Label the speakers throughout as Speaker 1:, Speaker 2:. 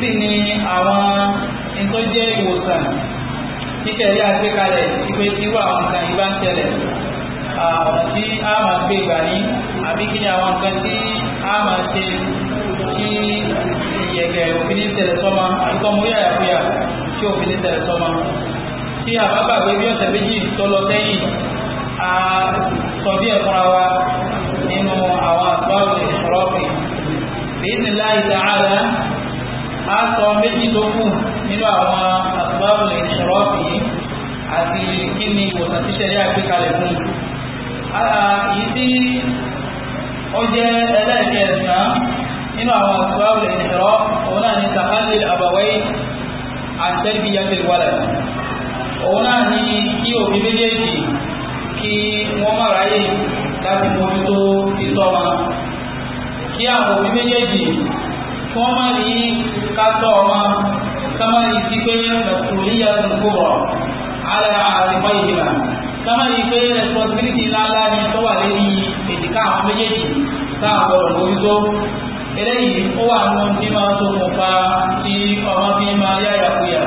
Speaker 1: sì ni àwọn nǹkan jẹ́ ìwòsàn títẹ̀lé àgbékalẹ̀ ìpè irú àwọn nǹkan yìí bá ń tẹ̀lẹ̀ ọ̀nà tí a máa gbé ìgbà ní àbí kí ni àwọn nǹkan tí a máa ṣe kí ìyẹ̀kẹ̀ òfin ní tẹ̀lẹ̀ sọ́mọ àbí kọ́ mú yàyàkúyà kí òfin ní tẹ̀lẹ̀ sọ́mọ tí a bá gbàgbé bí ọ̀sẹ̀ méjì tó lọ sẹ́yìn a sọ bí ẹ̀fúnra wa nínú àwọn àgbáwò ìṣòro ọ̀fìn bí ní láì dáadáa a sọ méjì tó kù nínú àwọn àtúbáwò ìṣòrọ́ọ̀kì àti kí ni ìwòsàn tíṣẹ́ yà gbé fún un. tí ó jẹ́ ẹlẹ́ẹ̀kẹsàn nínú àwọn àtúbáwò ìṣòrọ́ òun náà ní sàkálì àbàwẹ́ àtẹ́bí yàtẹ̀wálẹ̀ òun náà ní kí òbí méjèèjì kí wọ́n má ráyè láti mójútó ìtọ́ wọn wọ́n má ní kátọ́ ọmọ kama ní ti pé lẹ́kùnríyà tó kó wọ̀ ara àrùbọ̀ ìdìbà kama ní pé responsibility ńláńlá ni tó wà lórí èjìká àwọn méjèèjì tá a gbọdọ̀ lórí tó eléyìí ó wà nù bí máa tó mọ̀ pa tí ọmọ bí máa yáyà kúyà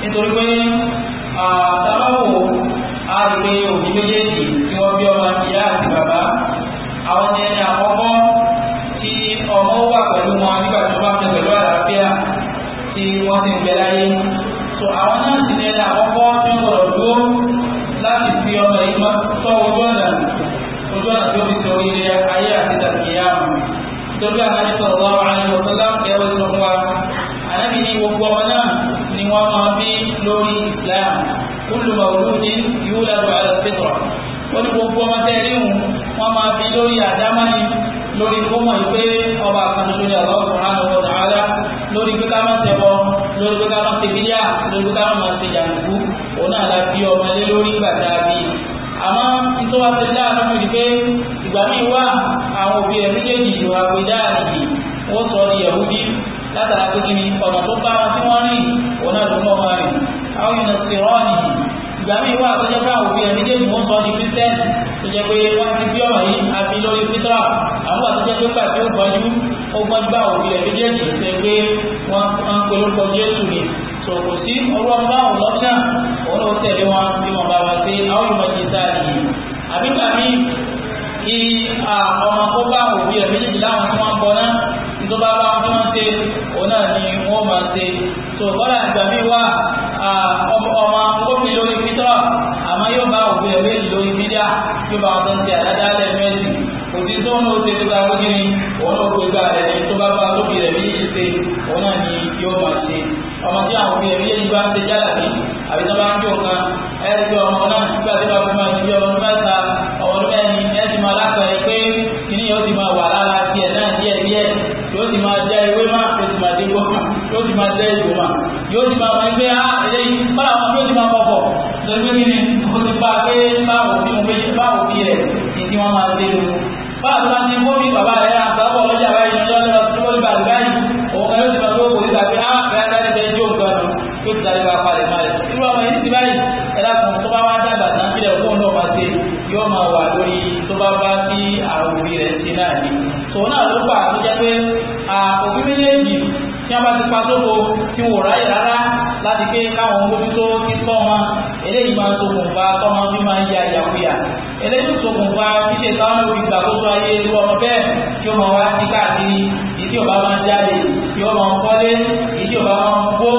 Speaker 1: nítorí pé àtàwọ̀ àrùbẹ̀ òbí méjèèjì tí wọ́n bí ọmọ ìyá àti bàbá àwọn ẹni àkọ́kọ́ ọmọ wà pẹ̀lú wọn nígbà tó bá ti pẹ̀lú àlàáfíà tí wọ́n ti bẹ̀ láyé so àwọn náà sì ní ẹ̀dá àkọ́kọ́ tí wọ́n gbọ́dọ̀ dúró láti fi ọmọ yìí máa tọ́ ojú ọ̀nà ojú ọ̀nà tó fi torí ilé ayé àti tàbíyá torí ànábi sọ̀rọ̀ lọ́wọ́ àwọn ẹ̀rọ tó láǹkẹ́ ẹ̀rọ tó wá ànábi ní gbogbo ọmọ náà ni wọ́n máa bí lórí Islam kúlù lórí àdámánì lórí ọba àkànṣe ní ọ̀rọ̀ ọ̀rán ọ̀rọ̀ tààlà lórí pé ká máa tẹ̀bọ lórí pé ká máa ṣe bíyà lórí pé ká máa ṣe jàǹdùkú òun náà la fi ọmọ lé lórí ìgbà tá a bí àmọ́ tó wá ti dáa lọ́mọ ìdí pé ìgbà míì wá àwọn òbí rẹ̀ méjèèjì ìlú àgbèdá àdìdì wọ́n sọ ní yahudi látara pé kíni ọ̀nà tó bá wọn tí wọ́n rìn òun náà ló mọ́ wọn rìn àwọn ènìyàn sì rọ́ọ̀nì ìgbà míì wá àtọ́jọ́ tó jẹ́ pé wọ́n ti bí ọ̀rọ̀ yìí àfi lórí pítọ́rà àwọn àti jẹ́ pé gbà tí ó gbọ́njú ó gbọ́njú bá òbí rẹ̀ méjèèjì ṣe pé wọ́n ń pe lórúkọ Jésù ni sọ kò sí ọwọ́ bá òun lọ́sà òun ló tẹ̀lé wọn bí wọn bá wá sí àwọn ìmọ̀ ti sá yìí àbí tàbí kí ọmọ kó bá òbí rẹ̀ méjèèjì láwọn tí wọ́n bọ tó bá bá wọn ṣe òun náà ni wọ́n máa ṣe sọ kọ́lá ìgbà míì wà ọmọ ọmọ rẹ̀ méjì lórí bídá tí ó bá wọn ti àdájá lẹ̀ mẹ́sì kò sí tó ń ṣe tó bá wọ́n kí ni òun ló gbégbá rẹ̀ ní tó bá bá lókè rẹ̀ méjì ṣe òun náà ni yóò máa ṣe ọmọ tí àwọn òbí rẹ̀ méjì bá ń ṣe jálà bí àbí tó bá ń jó kan ẹ̀rí pé ọmọ náà nígbà tí bá fún máa ti bí ọmọ mẹ́ta ọmọ mẹ́rin ẹ̀ ti máa lákàáyé pé kíní yóò ti máa wà lára tiẹ̀ náà díẹ̀díẹ̀ yóò ti máa jẹ́ ewé má yóò ti máa dé gbọ́ yóò ti máa jẹ́ ìgbò má yóò ti máa máa gbé á ẹ̀yẹ́ ah, yìí bá àwọn yóò ti máa bọ̀ bọ̀ lọ́gbẹ́ni bá pé báwo bí mo pé báwo bí rẹ̀ ní tí wọ́n máa dé lóko báwo bá ní bóbi bàbá rẹ̀ àtàwọn ọlọ́j tí ó máa wá sí káàkiri èyí tí ó bá máa jáde tí ó máa kọ́lé èyí tí ó bá máa gbó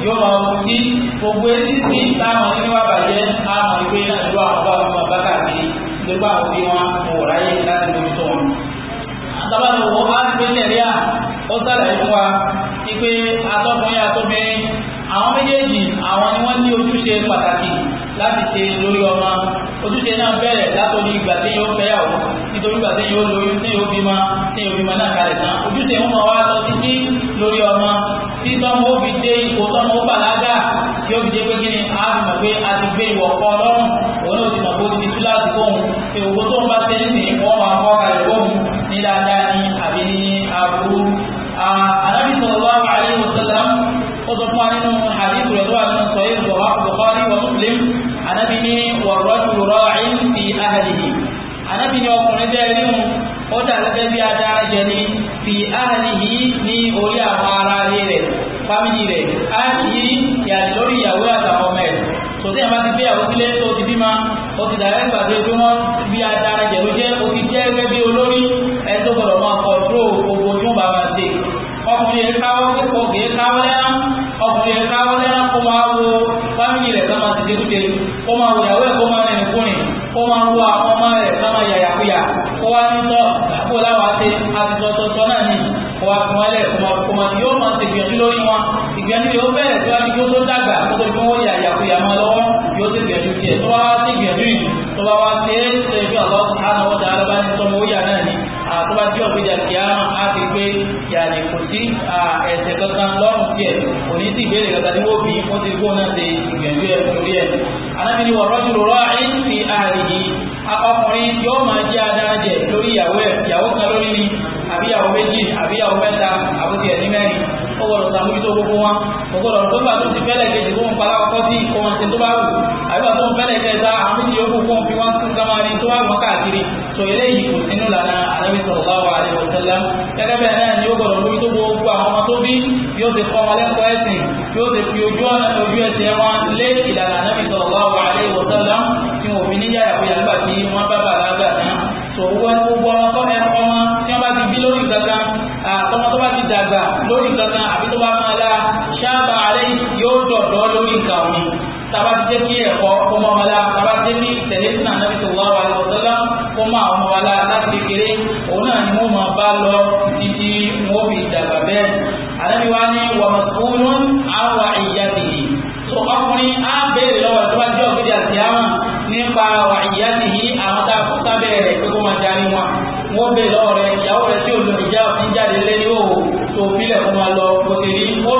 Speaker 1: tí ó máa kú sí gbogbo etí sí táwọn nínú wà bàjẹ́ àwọn ìwé náà ló àwọn bá wọn bá káàkiri nígbà òbí wọn mo wò ráyè láti lórí tó wọn. àtàwọn òwò á ti pé tẹ̀lé à ó sàlàyé fún wa ni pé atọ́kùnrin àtọ́bìnrin àwọn méjèèjì àwọn ni wọ́n ní ojúṣe pàtàkì láti ṣe lórí ọmọ ojúṣe náà bẹ̀rẹ̀ látòrí ìgbà tí yóò nítorí gbà tí yóò lóyún tí yóò bímọ tí yóò bímọ náà kalẹ̀ tán ojúṣe wọn máa wá lọ títí lórí ọmọ tí tọ́mọ ó fi dé ipò tọ́mọ ó bàlágà tí ó fi dé pé kí ni a fi mọ̀ pé a ti gbé ìwọ̀ kọ́ ọlọ́run òun ó ti mọ̀ pé ó ti fi túláàsì fóun pé tó ń bá obìnrin káwọ́ pípọ̀ obìnrin káwọ́ lẹ́nà ọkùnrin káwọ́ lẹ́nà kó máa wo fámìlì rẹ̀ sọ́mà ti dé kúte kó máa wo ìyàwó ẹ̀ kó máa rìn kúrin kó máa wo àwọn ọmọ rẹ̀ sọ́mà yàyàkúyà kó wá ní sọ àpò láwa ṣe àtìsọ̀tọ̀tọ̀ náà ni kó wá fún wálẹ̀ kó máa yóò máa ṣe gbìyànjú lórí wọn ìgbìyànjú yóò bẹ̀rẹ̀ síwájú kó tó dàgbà kó tó fún yàyàkúyà máa lọ́wọ́ yóò ṣe gbìyànjú tiẹ̀ tó bá wá sí gbìyànjú yìí tó bá wá ṣe é ṣe bí àwọn ọ̀sán àwọn ọ̀dà alábánisọ́mọ ó yà náà ni àtọ́bá tí ọ̀gbẹ́jà kìá á ti gbé yàrá ìkó ẹ̀sẹ̀ kankan lọ́rùn tiẹ̀ kò ní sí ìbéèrè kankan tí wọ́n bí wọ́n ti gbóhùn náà ṣe ìgbìyànjú ẹ̀ lórí ẹ̀. anábì ni wọ̀rọ̀ jùlọ rọ àyín sí ààrẹ ọkùnrin yóò máa jẹ́ adájẹ́ lórí ìyàwó ẹ̀ ìyàwó kan lórí ni àbíyàwó méjì àbíyàwó mẹ́ta àbúté ẹ̀ ní mẹ́rin ó gbọ́dọ̀ sàmójútó gbogbo wọn kò gbọ́dọ̀ tó bá tó ti fẹ́lẹ̀ kejì kó ń palá kọ́kọ́ sí kó wọn tó bá wù àbí tó ń fẹ́lẹ̀ kẹta àmúti yòókù fi wọn sí kámárì tó wà wọn káàkiri sọ eléyìí kò sínú lànà ànábì sallallahu alaihi wasallam gẹ́gẹ́ bẹ́ẹ̀ náà ni ó gbọ́dọ̀ lórí tó gbogbo àwọn ọmọ tó bí yóò ti kọ́ wọn lẹ́kọ̀ọ́ ẹ̀sìn yóò ti fi ojú ọ̀nà ojú ẹ̀sìn wọn lé ìlànà ànábì sallallahu alaihi wasallam tí wọn fi níyà ìyàwó yàgbà tí wọ́n bá bàrà gbà náà sọ wọ́n gbogbo ọmọ tó ẹ̀kọ́ wọn tí wọ́n bá ti bí lórí kankan àtọmọ tó kó máa ọmọ wa láti kékeré òun náà ni wọ́n máa bá lọ títí wọ́n fi dàgbà bẹ́ẹ̀ àlẹ́bí wa ní wàmùsùlù àwà ìyá tìyí tó ọkùnrin á béèrè lọ́wọ́ tó bá jẹ́ òkèdè àti àwọn nípa àwà ìyá tìyí àwọn tá a kó sábẹ́ rẹ̀ pé kó máa darí wọn wọ́n béèrè lọ́wọ́ rẹ̀ ìyàwó rẹ̀ tí ò lò ìjà òfin jáde lé òwò tó fílẹ̀ fún wa lọ kò sì rí ó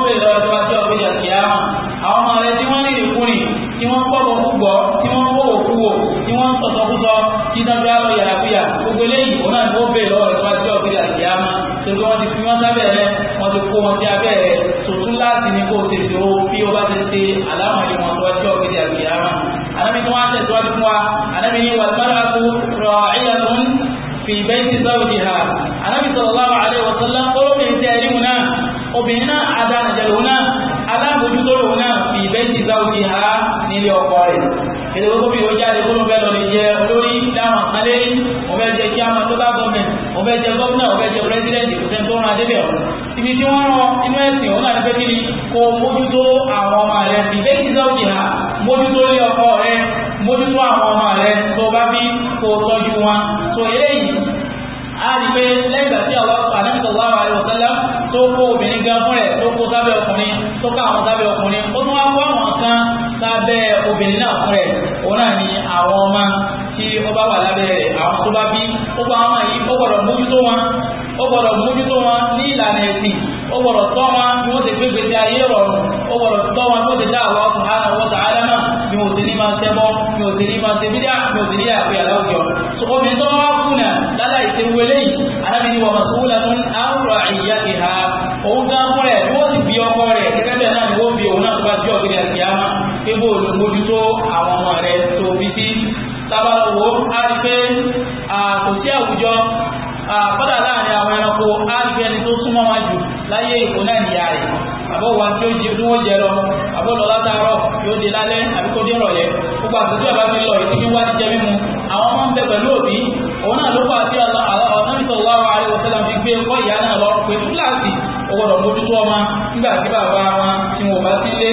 Speaker 1: lálẹ́ àbí kó dé rọ̀lẹ́ gbogbo àtúntò àbá fi lọ ìdíbí wá ti jẹ mímu àwọn ọmọ ń bẹ pẹ̀lú òbí òun náà ló fà sí sallallahu alaihi wasallam fi gbé kọ́ ìyá náà lọ pé kíláàsì ọgbọ̀dọ̀ mójútó ọmọ nígbà tí bàbá wọn tí wọn bá sílé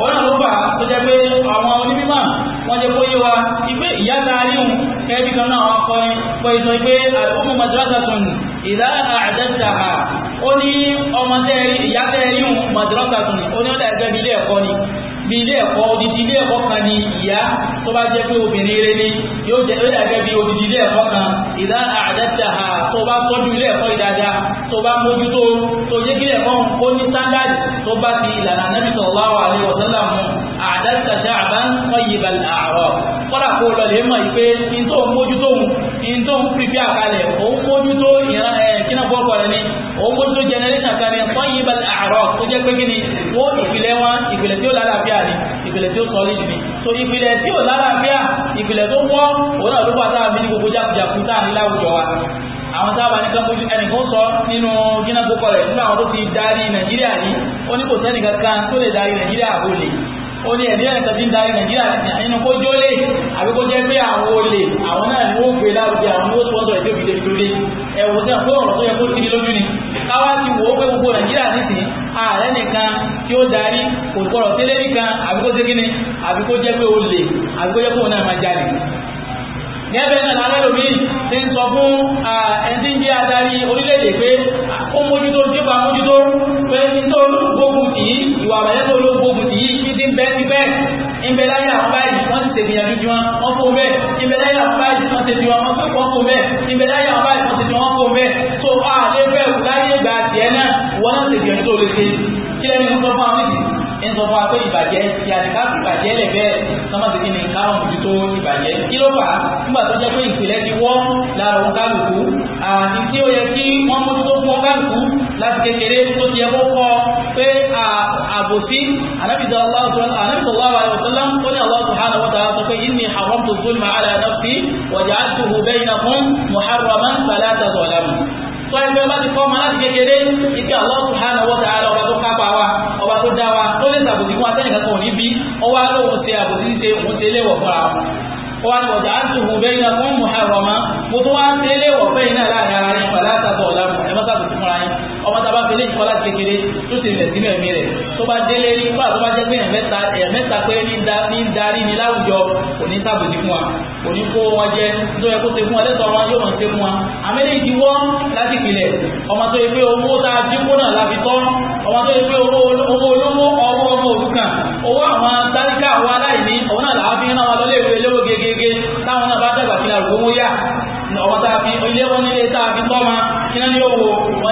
Speaker 1: òun náà ló fà tó jẹ́ pé àwọn onímọ̀ wọ́n jẹ́ kóyé wa ìgbé ìyá ta ríhun kẹ́bí kan náà wọ́n kọ́ pé ìsọ pé ọmọ madrasatun ìdá àdẹ́sàhà ó ní ọmọ tẹ́ẹ̀rí ìyá tẹ́ẹ̀ríhun madrasatun ó ní ọ̀dà ẹgbẹ́ ilé ẹ̀kọ́ ni bí ilé ẹ̀kọ́ odidi ilé ẹ̀kọ́ kan ni ìyá tó bá jẹ́ pé obìnrin rẹ ni yóò jẹ́ lórí àgẹ́ bí odidi ilé ẹ̀kọ́ kan ìdá àdẹ́tẹ̀ ha tó bá tọ́jú ilé ẹ̀kọ́ ìdájá tó bá mójútó tó yé kí ẹ̀kọ́ ó ní sáńdáàdì tó bá ti ìlànà anábì ogbódó generation kan ní wọ́n yí balẹ̀ àárọ̀ tó jẹ́ pé kí ni wọ́n ìpìlẹ̀ wọn ìpìlẹ̀ tí ó lálàáfíà ni ìpìlẹ̀ tí ó solid ni so ìpìlẹ̀ tí ó lálàáfíà ìpìlẹ̀ tó wọ́ òun náà ló bá táwọn mi ní gbogbo jákujàku tá à ní láwùjọ wa àwọn táwọn ní kan bójú ẹnì kan sọ nínú gíná gbókọ rẹ̀ nínú àwọn tó ti darí nàìjíríà ní ó ní kò sẹ́nì kankan tó lè darí nàìjíríà àbólè ó ní ẹ̀dí ẹ̀ka tí ń darí nàìjíríà nínú kó jólè àbí kó jẹ́ pé àwọn olè àwọn náà ni ó gbé lárugẹ àwọn ni ó sọ́ńdọ̀ ẹ̀dí òbí lè dúró lé ẹ̀wọ̀n tí a kó ọ̀rọ̀ tó yẹ kó ti lójú ni káwá ti wò ó pé gbogbo nàìjíríà nísìn ààrẹ nìkan tí ó darí kò gbọdọ̀ tẹ́lẹ̀ nìkan àbí kó ṣe kíni àbí kó jẹ́ pé ó lè àbí kó jẹ́ pé òun náà máa jalè gẹ́gẹ́ náà lálẹ́ lómi ti ń sọ fún ẹni tí ń adarí orílẹ̀-èdè pé ó mójútó tí ó bá mójútó pé nítorí olóògbógun tì í ìwà àbẹ̀yẹ́ tó olóògbógun tì í kí ti ń bẹ́ ti bẹ́ẹ̀ ìbẹ̀ láyé àwọn báyìí wọ́n ti tèmi yànjú ju wọn fún bẹ́ẹ̀ ìbẹ̀ láyé àwọn báyìí wọ́n ti tèmi wọn fún bẹ́ẹ̀ ìbẹ̀ láyé àwọn báyìí wọ́n ti tèmi wọn fún bẹ́ẹ̀ lè ṣe kí lẹ́nu ń sọ fún àwọn ìdí ń sọ fún apẹ́ ìbàjẹ́ ti àdìká ìbàjẹ́ lẹ̀ bẹ́ẹ̀ sọmọdé kí ni káwọn mójútó ìbàjẹ́ kí ló fà á nígbà tó jẹ́ pé ìpìlẹ̀ ti wọ́ lára òun kálukú àti tí ó yẹ kí wọ́n mójútó fún kálukú láti kékeré tó ti yẹ kó kọ́ pé àbòsí anábìdá aláwọ̀ tó ní àlọ́ tó ẹgbẹ́ bá ti kọ́ ọmọ láti kékeré ibi Allah subhanahu wa ta'ala ọba tó kápá wa ọba tó dá wa tó lè sàbòsí fún atẹ́yìn kankan òní bí ọwọ́ alóhùn ṣe àbòsí ṣe òun ṣe léwọ̀ fúnra wa ó wá ní ọ̀dà àtúhù bẹ́ẹ̀ náà fún muharrama mo tún wá ṣe léwọ̀ fẹ́yìn náà láàrin ara yẹn pàlá àtàtọ̀ ọmọ tá a bá fi lé ìkọ́lá kékeré tó ti lẹ̀ sínú ẹ̀mí rẹ̀ tó bá délé nígbà tó bá jẹ́ pé ẹ̀mẹ́ta ẹ̀mẹ́ta pé ní darí ni láwùjọ kò ní sábòdì fún wa kò ní kó wọn jẹ tó yẹ kó ṣe fún wa lẹ́tọ̀ọ́ wọn yóò ṣe fún wa àmẹ́lẹ́ ìdíwọ́ láti pìlẹ̀ ọmọ tó yẹ pé owó tá a dínkù náà láfi tọ́ ọmọ tó yẹ pé owó olówó ọwọ́ ọmọ òrukàn owó àwọn táríkà àwọn aláìní òun náà làá fi ń wọn lọ léèwé lówó gegege táwọn náà bá dàgbà kí náà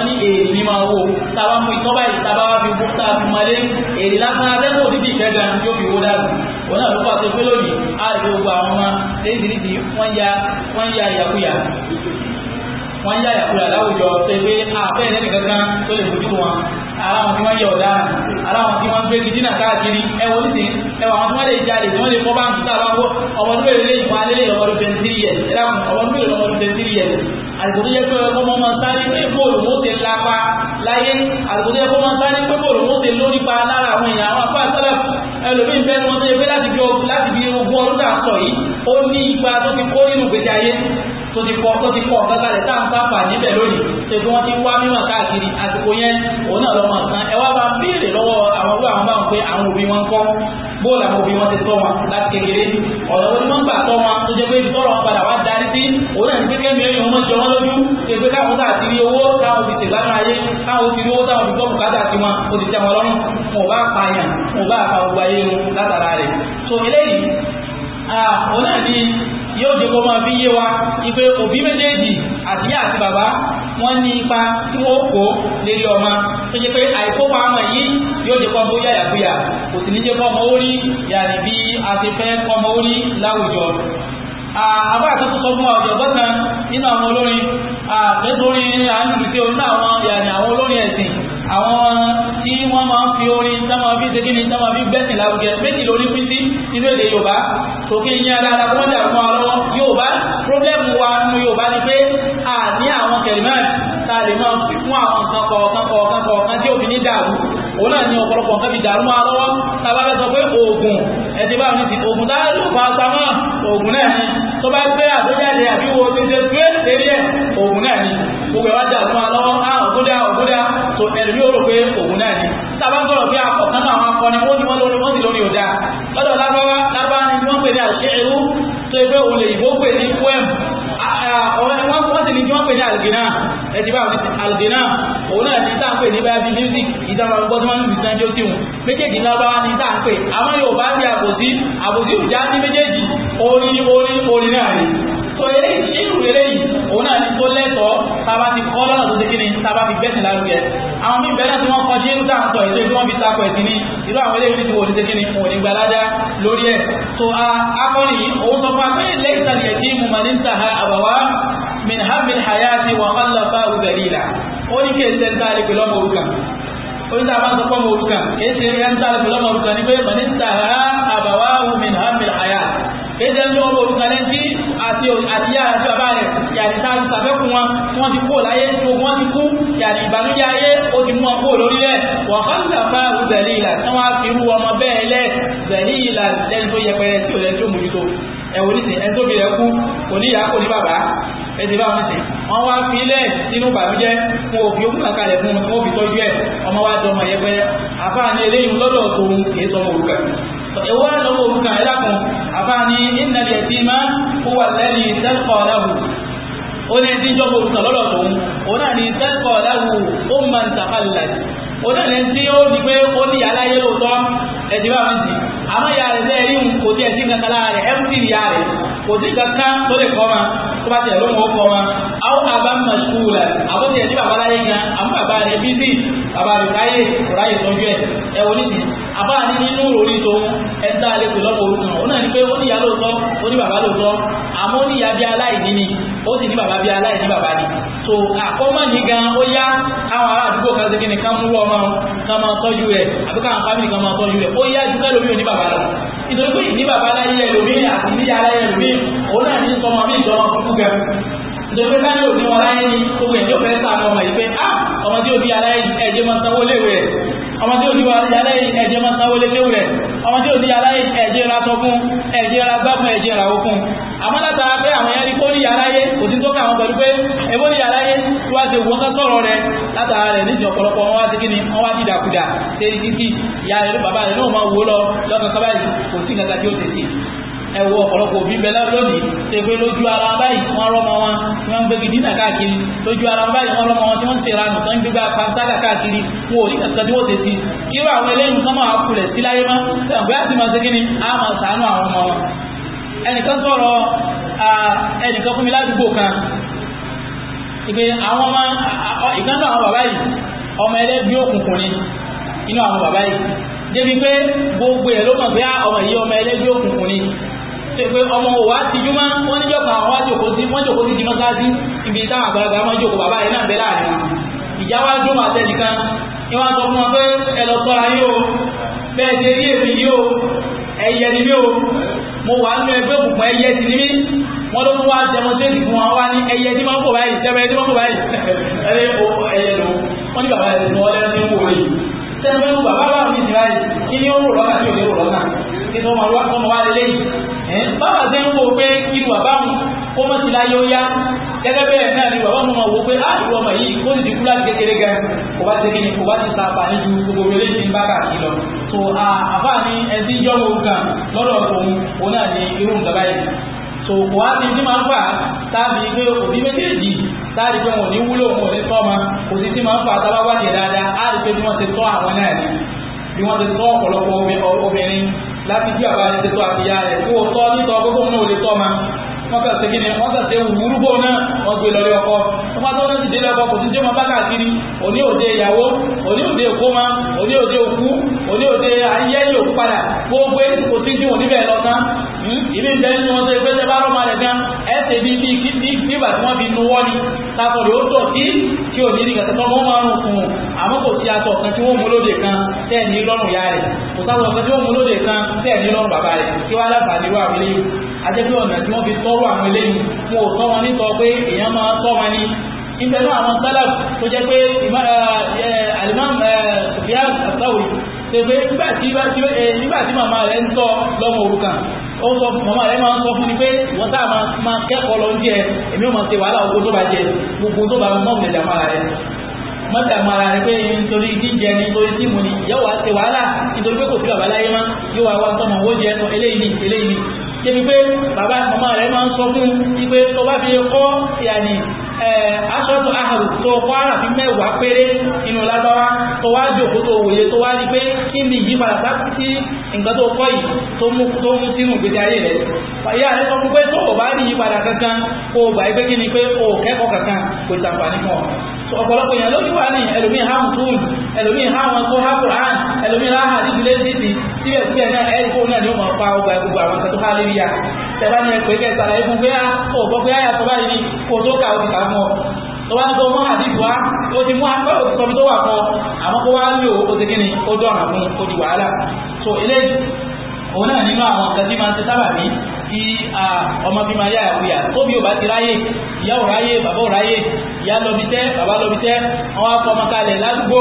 Speaker 1: wọ́n ní èrè ní máa wò tàbá mú ìtọ́ báyìí tàbá wá fi bú tá a fi mọ́lé èrè lásán abẹ́kọ̀ọ́ dídì ìfẹ́gà yóò fi wó dàrú wọn náà ló bá tó pé lónìí á lè gbogbo àwọn ọmọ léjìlíjì wọ́n ya wọ́n ya ìyàkúyà wọ́n ya ìyàkúyà láwùjọ ṣe pé àfẹ́ ẹ̀rẹ́ nìkankan tó lè fojú wọn aláwọn tí wọ́n yẹ ọ̀daràn aláwọn tí wọ́n gbé gbogbo ara tó ti kó nínú ìgbésí ayé tó ti kọ́ tó ti kọ́ ọ̀gákalẹ̀ tá à ń sáfà níbẹ̀ lónìí ṣe bí wọ́n ti wá mímọ̀ káàkiri àsìkò yẹn òun náà lọ́mọ kan ẹ wá bá béèrè lọ́wọ́ àwọn ọgbà àwọn báwọn pé àwọn òbí wọn kọ́ bóòlù àwọn òbí wọn ti tọ́ wọn láti kékeré ọ̀rọ̀ wọn ni wọ́n gbà tọ́ wọn tó jẹ́ pé ìtọ́rọ̀ wọn padà wá darí sí òun náà ní pé kẹ́mi ẹ̀yìn ọmọ jọ wọn lójú ṣe pé káwọn náà ti rí owó táwọn fi tẹ̀gbánu ayé táwọn ti rí owó táwọn fi gbọ́ bùkátà sí wọn ó ti tẹ́ wọn lọ́rùn wọn ò bá pààyàn wọn ò bá àfa gbogbo ayé wọn látara rẹ̀ so eléyìí òun náà ní yóò jẹ́ kó máa fi yé wa ipe òbí méjèèjì àti ìyá àti bàbá wọ́n ní ipa tí wọ́n kó lérí ọmọ tó jẹ́ pé àìkópa ọmọ yìí yóò jẹ́ kó ọmọ yá yàgbéyà kò sì ní jẹ́ kó ọmọ orí yàrá bí a ti fẹ́ kó ọmọ orí láwùjọ. àbá àtúntò sọ fún ọ̀jọ̀gbọ́n kan nínú àwọn olórin àtẹ́sórin àńdùdùkẹ́ onú àwọn yàrá àwọn olórin ẹ̀sìn àwọn tí wọ́n máa ń fi orin sọ́mọ bí ṣe kí ni sọ́mọ bí gbẹ̀sìn lárugẹ méjì lórí pín sí inú èdè yorùbá tòkè yín alára wọ́n dà fún ọ lọ́wọ́ yorùbá pírọ́blẹ́mù wa nu yorùbá ni pé a ní àwọn kẹ̀lìmọ́ọ̀tì tá a lè máa fi fún àwọn nǹkan kọ̀ọ̀kan kọ̀ọ̀kan kọ̀ọ̀kan tí òfin ní dàrú òun náà ní ọ̀pọ̀lọpọ̀ nǹkan fi dàrú máa lọ́wọ́ tàbá fẹ́ sọ pé oògùn ẹ̀sìn bá mi ti oògùn tá a lò fún apamọ́ oògùn náà ni tó bá gbé àtọ́jáde àbí wo ti ṣe gbé lérí ẹ̀ oògùn náà ni gbogbo ẹ̀ wá dàrú máa lọ́wọ́ á ọ̀gbọ́dá ò so ẹ̀rí ó rò pé òun náà ni sábà ń sọ̀rọ̀ bí akọ̀kan náà àwọn akọni ó ní wọ́n lórí wọ́n sì lórí òdà lọ́dọ̀ lágbára lágbára ni wọ́n pè ní àṣẹ ẹ̀rú tó ẹgbẹ́ òun lè ìbò pè ní poem wọ́n sì ní kí wọ́n pè ní àlùgínà ẹ̀tì bá àwọn àlùgínà òun náà ní tá à ń pè ní báyà bí music ìjọba gbọ́dúnmọ́ ní ìsinmi tí ó tìhùn méjèèjì lágbára ní tá à ń pè àwọn Yorùbá ní àbòsí àbòsí òjá ní méjèèjì orin orin orin náà ni tó eléyìí nínú eléyìí òun náà ní tó lẹ́tọ̀ọ́ tá a bá ti kọ́ lọ́nà tó ti kí ni tá a bá ti gbẹ́sìn lárugẹ àwọn mí bẹ̀rẹ̀ tí wọ́n kọ sí ẹrú dáàtọ̀ ilé tí wọ́n fi takọ ẹ̀sìn ní irú àwọn ilé ìrìn tí wọ́n ti kíni wọ́n lórí ẹ̀ so akọni òun sọ fún akọni lẹ́yìn tàbí ẹ̀tí mu mà ní ń tàha àbàwá min hamil hayati wa kalla fa ugalila ó ní kí ẹsẹ̀ ń tà lè pẹ̀lú ọmọ òrukàn ó ní tàbá sọ fọ́mọ òrukàn kéèsì ń tà lè pẹ̀lú ní àti àdíyà àti bàbá rẹ̀ yàtì tá a ti sàfẹ́kùn wọn tí wọ́n ti kó láyé tí wọ́n ti kú yàtì ìbànújẹ́ ayé ó ti mú ọkọ̀ lórílẹ̀ wọ́n kọ́ ń sàfà zẹ̀lí ìlà tí wọ́n á fi rú ọmọ bẹ́ẹ̀ lẹ̀ zẹ̀lí ìlà lẹ́nu tó yẹpẹrẹ tí ò lẹ́nu tó mójútó ẹ̀wọ̀n nísìn ẹni tó fi rẹ̀ kú kò ní ìyá kò ní bàbá ẹ̀sìn báwọn nísìn wọ́n wá fi ilẹ̀ sínú bàmújẹ́ fún òfin òkú ẹ̀wọ́ àlọ́wọ́ orúkà ẹ̀dàkùn àbá ní ìnàlẹ̀ tí máa kúwà lẹ́ni tẹ́kọ̀ọ́ láwù ó ní ẹni tí ń jọ́ onílẹ̀ tí ó di pé ó ní yàrá yé lóòótọ́ ẹ̀sìn bá wọn sì àmọ́ ìyá rẹ̀ bẹ́ẹ̀ rí kò tí ẹ̀sìn kankan lára rẹ̀ ẹ̀mùtì ìyá rẹ̀ kò sí kankan tó lè kọ́ ma tó bá tẹ̀ lóhùn ó kọ́ ma àwọn àbá mọ̀ sùkúù rẹ̀ àbótí ẹ̀sìn bàbá láyé gan àmọ́ bàbá rẹ̀ bí sí bàbá rẹ̀ káyé kò ráyè tọ́jú ẹ̀ ẹ̀ wò ti àbá ní nínú orí tòun ẹ̀ta lè pè lọ́pọ̀ orúkọ òun náà ni pé ó ní ìyá lóòótọ́ ó ní bàbá lóòótọ́ àmọ́ ó ní ìyá bí aláìní ni ó sì ní bàbá bí aláìní bàbá ni so àkọ́mọ́ ní gan ó yá àwọn ará àdúgbò kan ṣe kíni kan múrú ọmọ kan máa tọ́jú rẹ̀ àbí káwọn fámìlì kan máa tọ́jú rẹ̀ ó yá ju kẹ́lómi ò ní bàbá lọ nítorí pé ní bàbá aláyé ẹlòmí àti ní aláyé ẹlòmí òun náà ní sọmọ ni gbogbo ẹ̀jọ́ fẹ́ sá ọmọ yìí pé ah ọmọ tí ò bí aláyé ẹ̀jẹ̀ máa sanwó léwu rẹ̀ ọmọ tí ò bí aláyé ẹ̀jẹ̀ máa sanwó léwu rẹ̀ ọmọ ní yàrá yé kò sí àwọn pẹ̀lú pé ẹbó yàrá yé tí wá ti wọ́n ká sọ̀rọ̀ rẹ látara rẹ̀ níjọ ọ̀pọ̀lọpọ̀ wọn wá sí kí ni wọ́n wá ti dàkudà tẹ́lí títí ìyá rẹ̀ bàbá rẹ̀ náà máa wó lọ lọ́kàn kábàyì kò sí nǹkan tí ó ti sí ẹwọ ọ̀pọ̀lọpọ̀ òbí bẹ lónìí tẹgbẹ́ lójú ara báyìí wọ́n rọ́mọ wọn tí wọ́n ń gbégi dínà káàkiri lójú ara báyìí wọ́n rọ́mọ wọn tí wọ́n ń tẹ̀ra nù tán gbégbá pàtàkì káàkiri wọn ò ní kankan tí wọ́n tẹ̀ sí àwọn eléyìí kan máa kulẹ̀ sí láyé mọ́ tẹ̀gbẹ́ àti màá segin ni a máa sàánú àwọn ọmọ wọn ẹnìkan sọ̀rọ̀ ẹnìkan fún mi ládùúgbò kan ìpè àwọn ọmọ ìkánná àwọn bàbá yìí ọmọ ẹlẹ́bí òkùnkùn ni inú àwọn bàbá yìí débi pé gbogbo ẹ̀ ló mọ̀ pé ah, ọmọ yìí ọmọ ẹlẹ́bí òkùnkùn ni ṣe pé ọmọ òwà ti júmọ́ wọ́n níjọ́ kan àwọn àjòkó sí wọ́n jòkó sí jùmọ́ sáájú ibi táwọn àgbàlagbà máa jòkó bàbá yìí náà bẹ́ láàrin ìjà wá dùn àtẹnìkan ni wọ́n sọ fún wọn pé ẹ lọ tọ́ra yóò bẹ́ẹ̀ ṣe rí èmi yóò ẹ̀yẹ mo wà nínú ẹgbẹ́ òkùnkùn ẹyẹ ti ní mí wọ́n ló mú wá dẹmọ́tẹ́tì fún wa wá ní ẹyẹ tí máa ń kó báyìí jẹ́ ẹyẹ tí máa ń kó báyìí ẹyẹ o ẹyẹ lò wọ́n ní bàbá ẹ̀sìn wọn lẹ́nu tí ń wòye sẹ́nu mẹ́nu bàbá bá mi jìlá yìí kí ni ó rò lọ́nà tí ò ní rò lọ́nà kí ni ó máa wá lélẹ́yìn bàbá kó mọ́ sí láyé ó yá gẹ́gẹ́ bẹ́ẹ̀ náà ni bàbá mọ́ wo pé àìwọ̀ ọmọ yìí ó sì ti kú láti kékeré gan kò bá ti kí ni kò bá ti sa àbá nínú gbogbo eré ní bá káàkiri lọ so àbá ní ẹbí yọ̀wọ̀ gan lọ́dọ̀ òun òun náà ni irú nǹkan báyìí so kò wá ti ní máa ń fà táàbí pé òbí méjèèjì táàbí pé wọn ò ní wúlò wọn ò ní tọ́ ma kò sí ti máa ń fà tábà wá ní dáadáa á rí pé bí wọ́n ti tọ́ àwọn náà ni bí wọ́n ti tọ́ ọ̀pọ̀lọpọ̀ obìnrin láti bí àbá o tọ́ wọ́n fẹ́ ṣe kíni wọ́n fẹ́ ṣe wúrúgbó náà wọ́n gbé lọ́lé ọkọ wọ́n bá tọ́wọ́n ti dé lọ́kọ kò sí jẹ́ wọn bá káàkiri òní òde ìyàwó òní òde ìkómà òní òde òkú òní òde ayé yòókù padà gbogbo èyí kò sí ju òní bẹ́ẹ̀ lọ́tán hmm? ìbí ń bẹ nínú wọn tó ẹgbẹ́ tẹ bá rọ́ọ̀mà rẹ̀ gan ẹsẹ̀ bíi bíi kí ní nígbà tí wọ́n fi nu wọ́ ni takọ̀dé ó tọ̀ sí kí òní ní kàtà tọ́mọ́ wọn rùn kùn àmọ́ kò sí aṣọ kan tí wọ́n mú lóde kan tẹ̀ ní lọ́rùn ìyá rẹ̀ kò sáwọn kan tí wọ́n mú lóde kan tẹ̀ ní lọ́rùn bàbá rẹ̀ kí wọ́n á láǹfààní irú àwọn ajẹ́pẹ́ ọ̀nà tí wọ́n fi tọ́rọ àwọn eléyìí fún òtọ́ wọn nítọ́ pé èèyàn máa tọ́ wọn ní ìbẹ̀rù àwọn sálà tó jẹ́ pé alimam Sufyan Ath-Thawri ṣe pé nígbà tí màmá rẹ̀ ń tọ́ lọ́mọ òrukàn ó sọ màmá rẹ̀ máa ń sọ fún ni pé wọ́n tá máa kẹ́kọ̀ọ́ lọ díẹ̀ èmi ò máa ṣe wàhálà ogun tó bá jẹ gbogbo tó bá mọ́ọ̀mù ẹ̀dá mára rẹ̀ mọ́tà mara rẹ̀ pé nítorí jíjẹ débi pé bàbá màmá rẹ̀ máa ń sọ fún un pé tó bá fi kọ́ ìyàní aṣọ́tò ahàrù tó kọ́ ara fi mẹ́wàá péré inú lágbára tó wá jòkó tó wòye tó wá rí pé kí ni ìyípadà sáfì sí nǹkan tó kọ́ yìí tó mú tó mú sínú ìgbésí ayé rẹ̀ ìyá rẹ̀ sọ pé tó bá rí ìyípadà kankan kó gbà pé kí ni pé o kẹ́kọ̀ọ́ kankan kò ṣàǹfààní fún ọ̀pọ̀lọpọ̀ èèyàn ló wà ní ẹlòmí hàn tún ẹlòmí hàn wọn tó hàn quran ẹlòmí láhà ní ilé títì síbẹ̀síbẹ̀ náà ẹ̀rí kó náà ni ó máa pa ọgbà gbogbo àwọn kan tó há lé bíyà tẹ̀bá ni ẹ̀pẹ́ kẹta ẹ̀ fún ah, bẹ́ẹ̀ ó pé àyà tó báyìí kó tó kà ó ti tó bá ń gbọ́ mọ́ àdìbò á ó ti mú apá òtítọ́ tó wà kọ́ àmọ́ kó wá lò ó ti kíni ó dọ̀ràn fún ó di wàhálà so eléyìí òun náà nínú àwọn nǹkan tí máa ń ṣe sábàbí tí ọmọ bí máa yáyà wíyà tó bí ò bá ti ráyè ìyá ò ráyè bàbá ò ráyè ìyá lọbi tẹ́ bàbá lọbi tẹ́ wọ́n á fọmọ kalẹ̀ ládùúgbò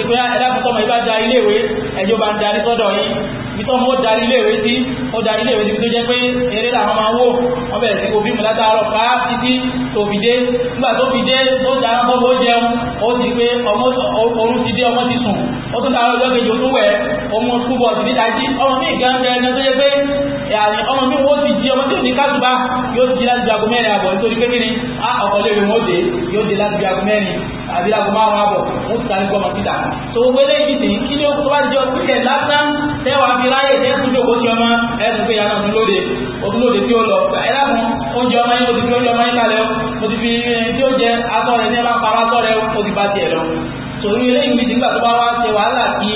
Speaker 1: ìpín ẹ̀dàkùntọ́mọ ìbá da iléèwé ẹjọ́ bá ń darí sọ́dọ̀ yìí ìtọ́ mọ́ darí iléèwé sí ó darí iléèwé sí tó jẹ́ pé eré làwọn máa wò wọ́n bẹ̀rẹ̀ sí kò bímọ látàárọ̀ pa títí tó fi dé nígbà tó fi dé tó dára bọ́bọ́ jẹun ó ti pé ọrùn ti dé ọmọ ti sùn ó tún dára ọjọ́ kejì ó tún wẹ̀ ọmọ skúbọ̀ọ̀sì níta jí ọmọ mí gan-an yàrá ọmọ mi wọ́n ti di ọmọ tí ò ní kásùbá yóò di láti jago mẹ́rin àbọ̀ nítorí pé kíni á ọ̀kọ̀lẹ́ rẹ̀ wọ́n dé yóò di láti jago mẹ́rin àbí jago márùn àbọ̀ wọ́n ti sáré gbọ́mọ síta tó gbogbo eléyìí sì kí ni ó tó bá jọ pílẹ̀ lásán tẹ́wàá fi ráyè tẹ́sùn tó kó ti ọmọ ẹ̀sùn pé yàrá ọdún lóde ọdún lóde tí o lọ ẹ̀lákùn oúnjẹ ọmọ yín o ti fi oúnjẹ ọmọ yín o mo ti fi tí ó jẹ asọ́ rẹ̀ ní ẹ bá para asọ́ rẹ̀ ó ti bá tiẹ̀ lọ tòun ilé ìwé nígbà tó bá wá ṣe wàhálà kí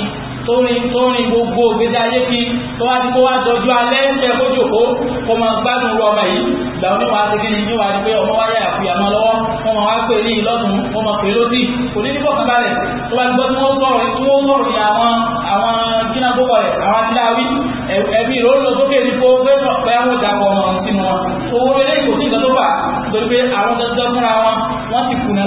Speaker 1: tó rin gbogbo ògbésí ayé kí tó wá ti kó wá dọjú alẹ́ ńfẹ́ kó jòkó kó máa gbádùn lu ọmọ yìí ìgbà wọn wá segin ní wá ní pé ọmọ wá yà àkúyà máa lọ́wọ́ wọn máa wá pè ní ìlọ́dún wọn máa pè lódì kò ní nípò kábàlẹ̀ tó wá ti gbọ́ tí wọ́n sọ̀rọ̀ tí wọ́n sọ̀rọ̀ ní àwọn àwọn jìnnà gbogbo rẹ̀ àwọn adíláwí ẹbí ìrólò sókè ní kó gbé pẹ̀lú àwọn ìdàpọ̀ ọmọ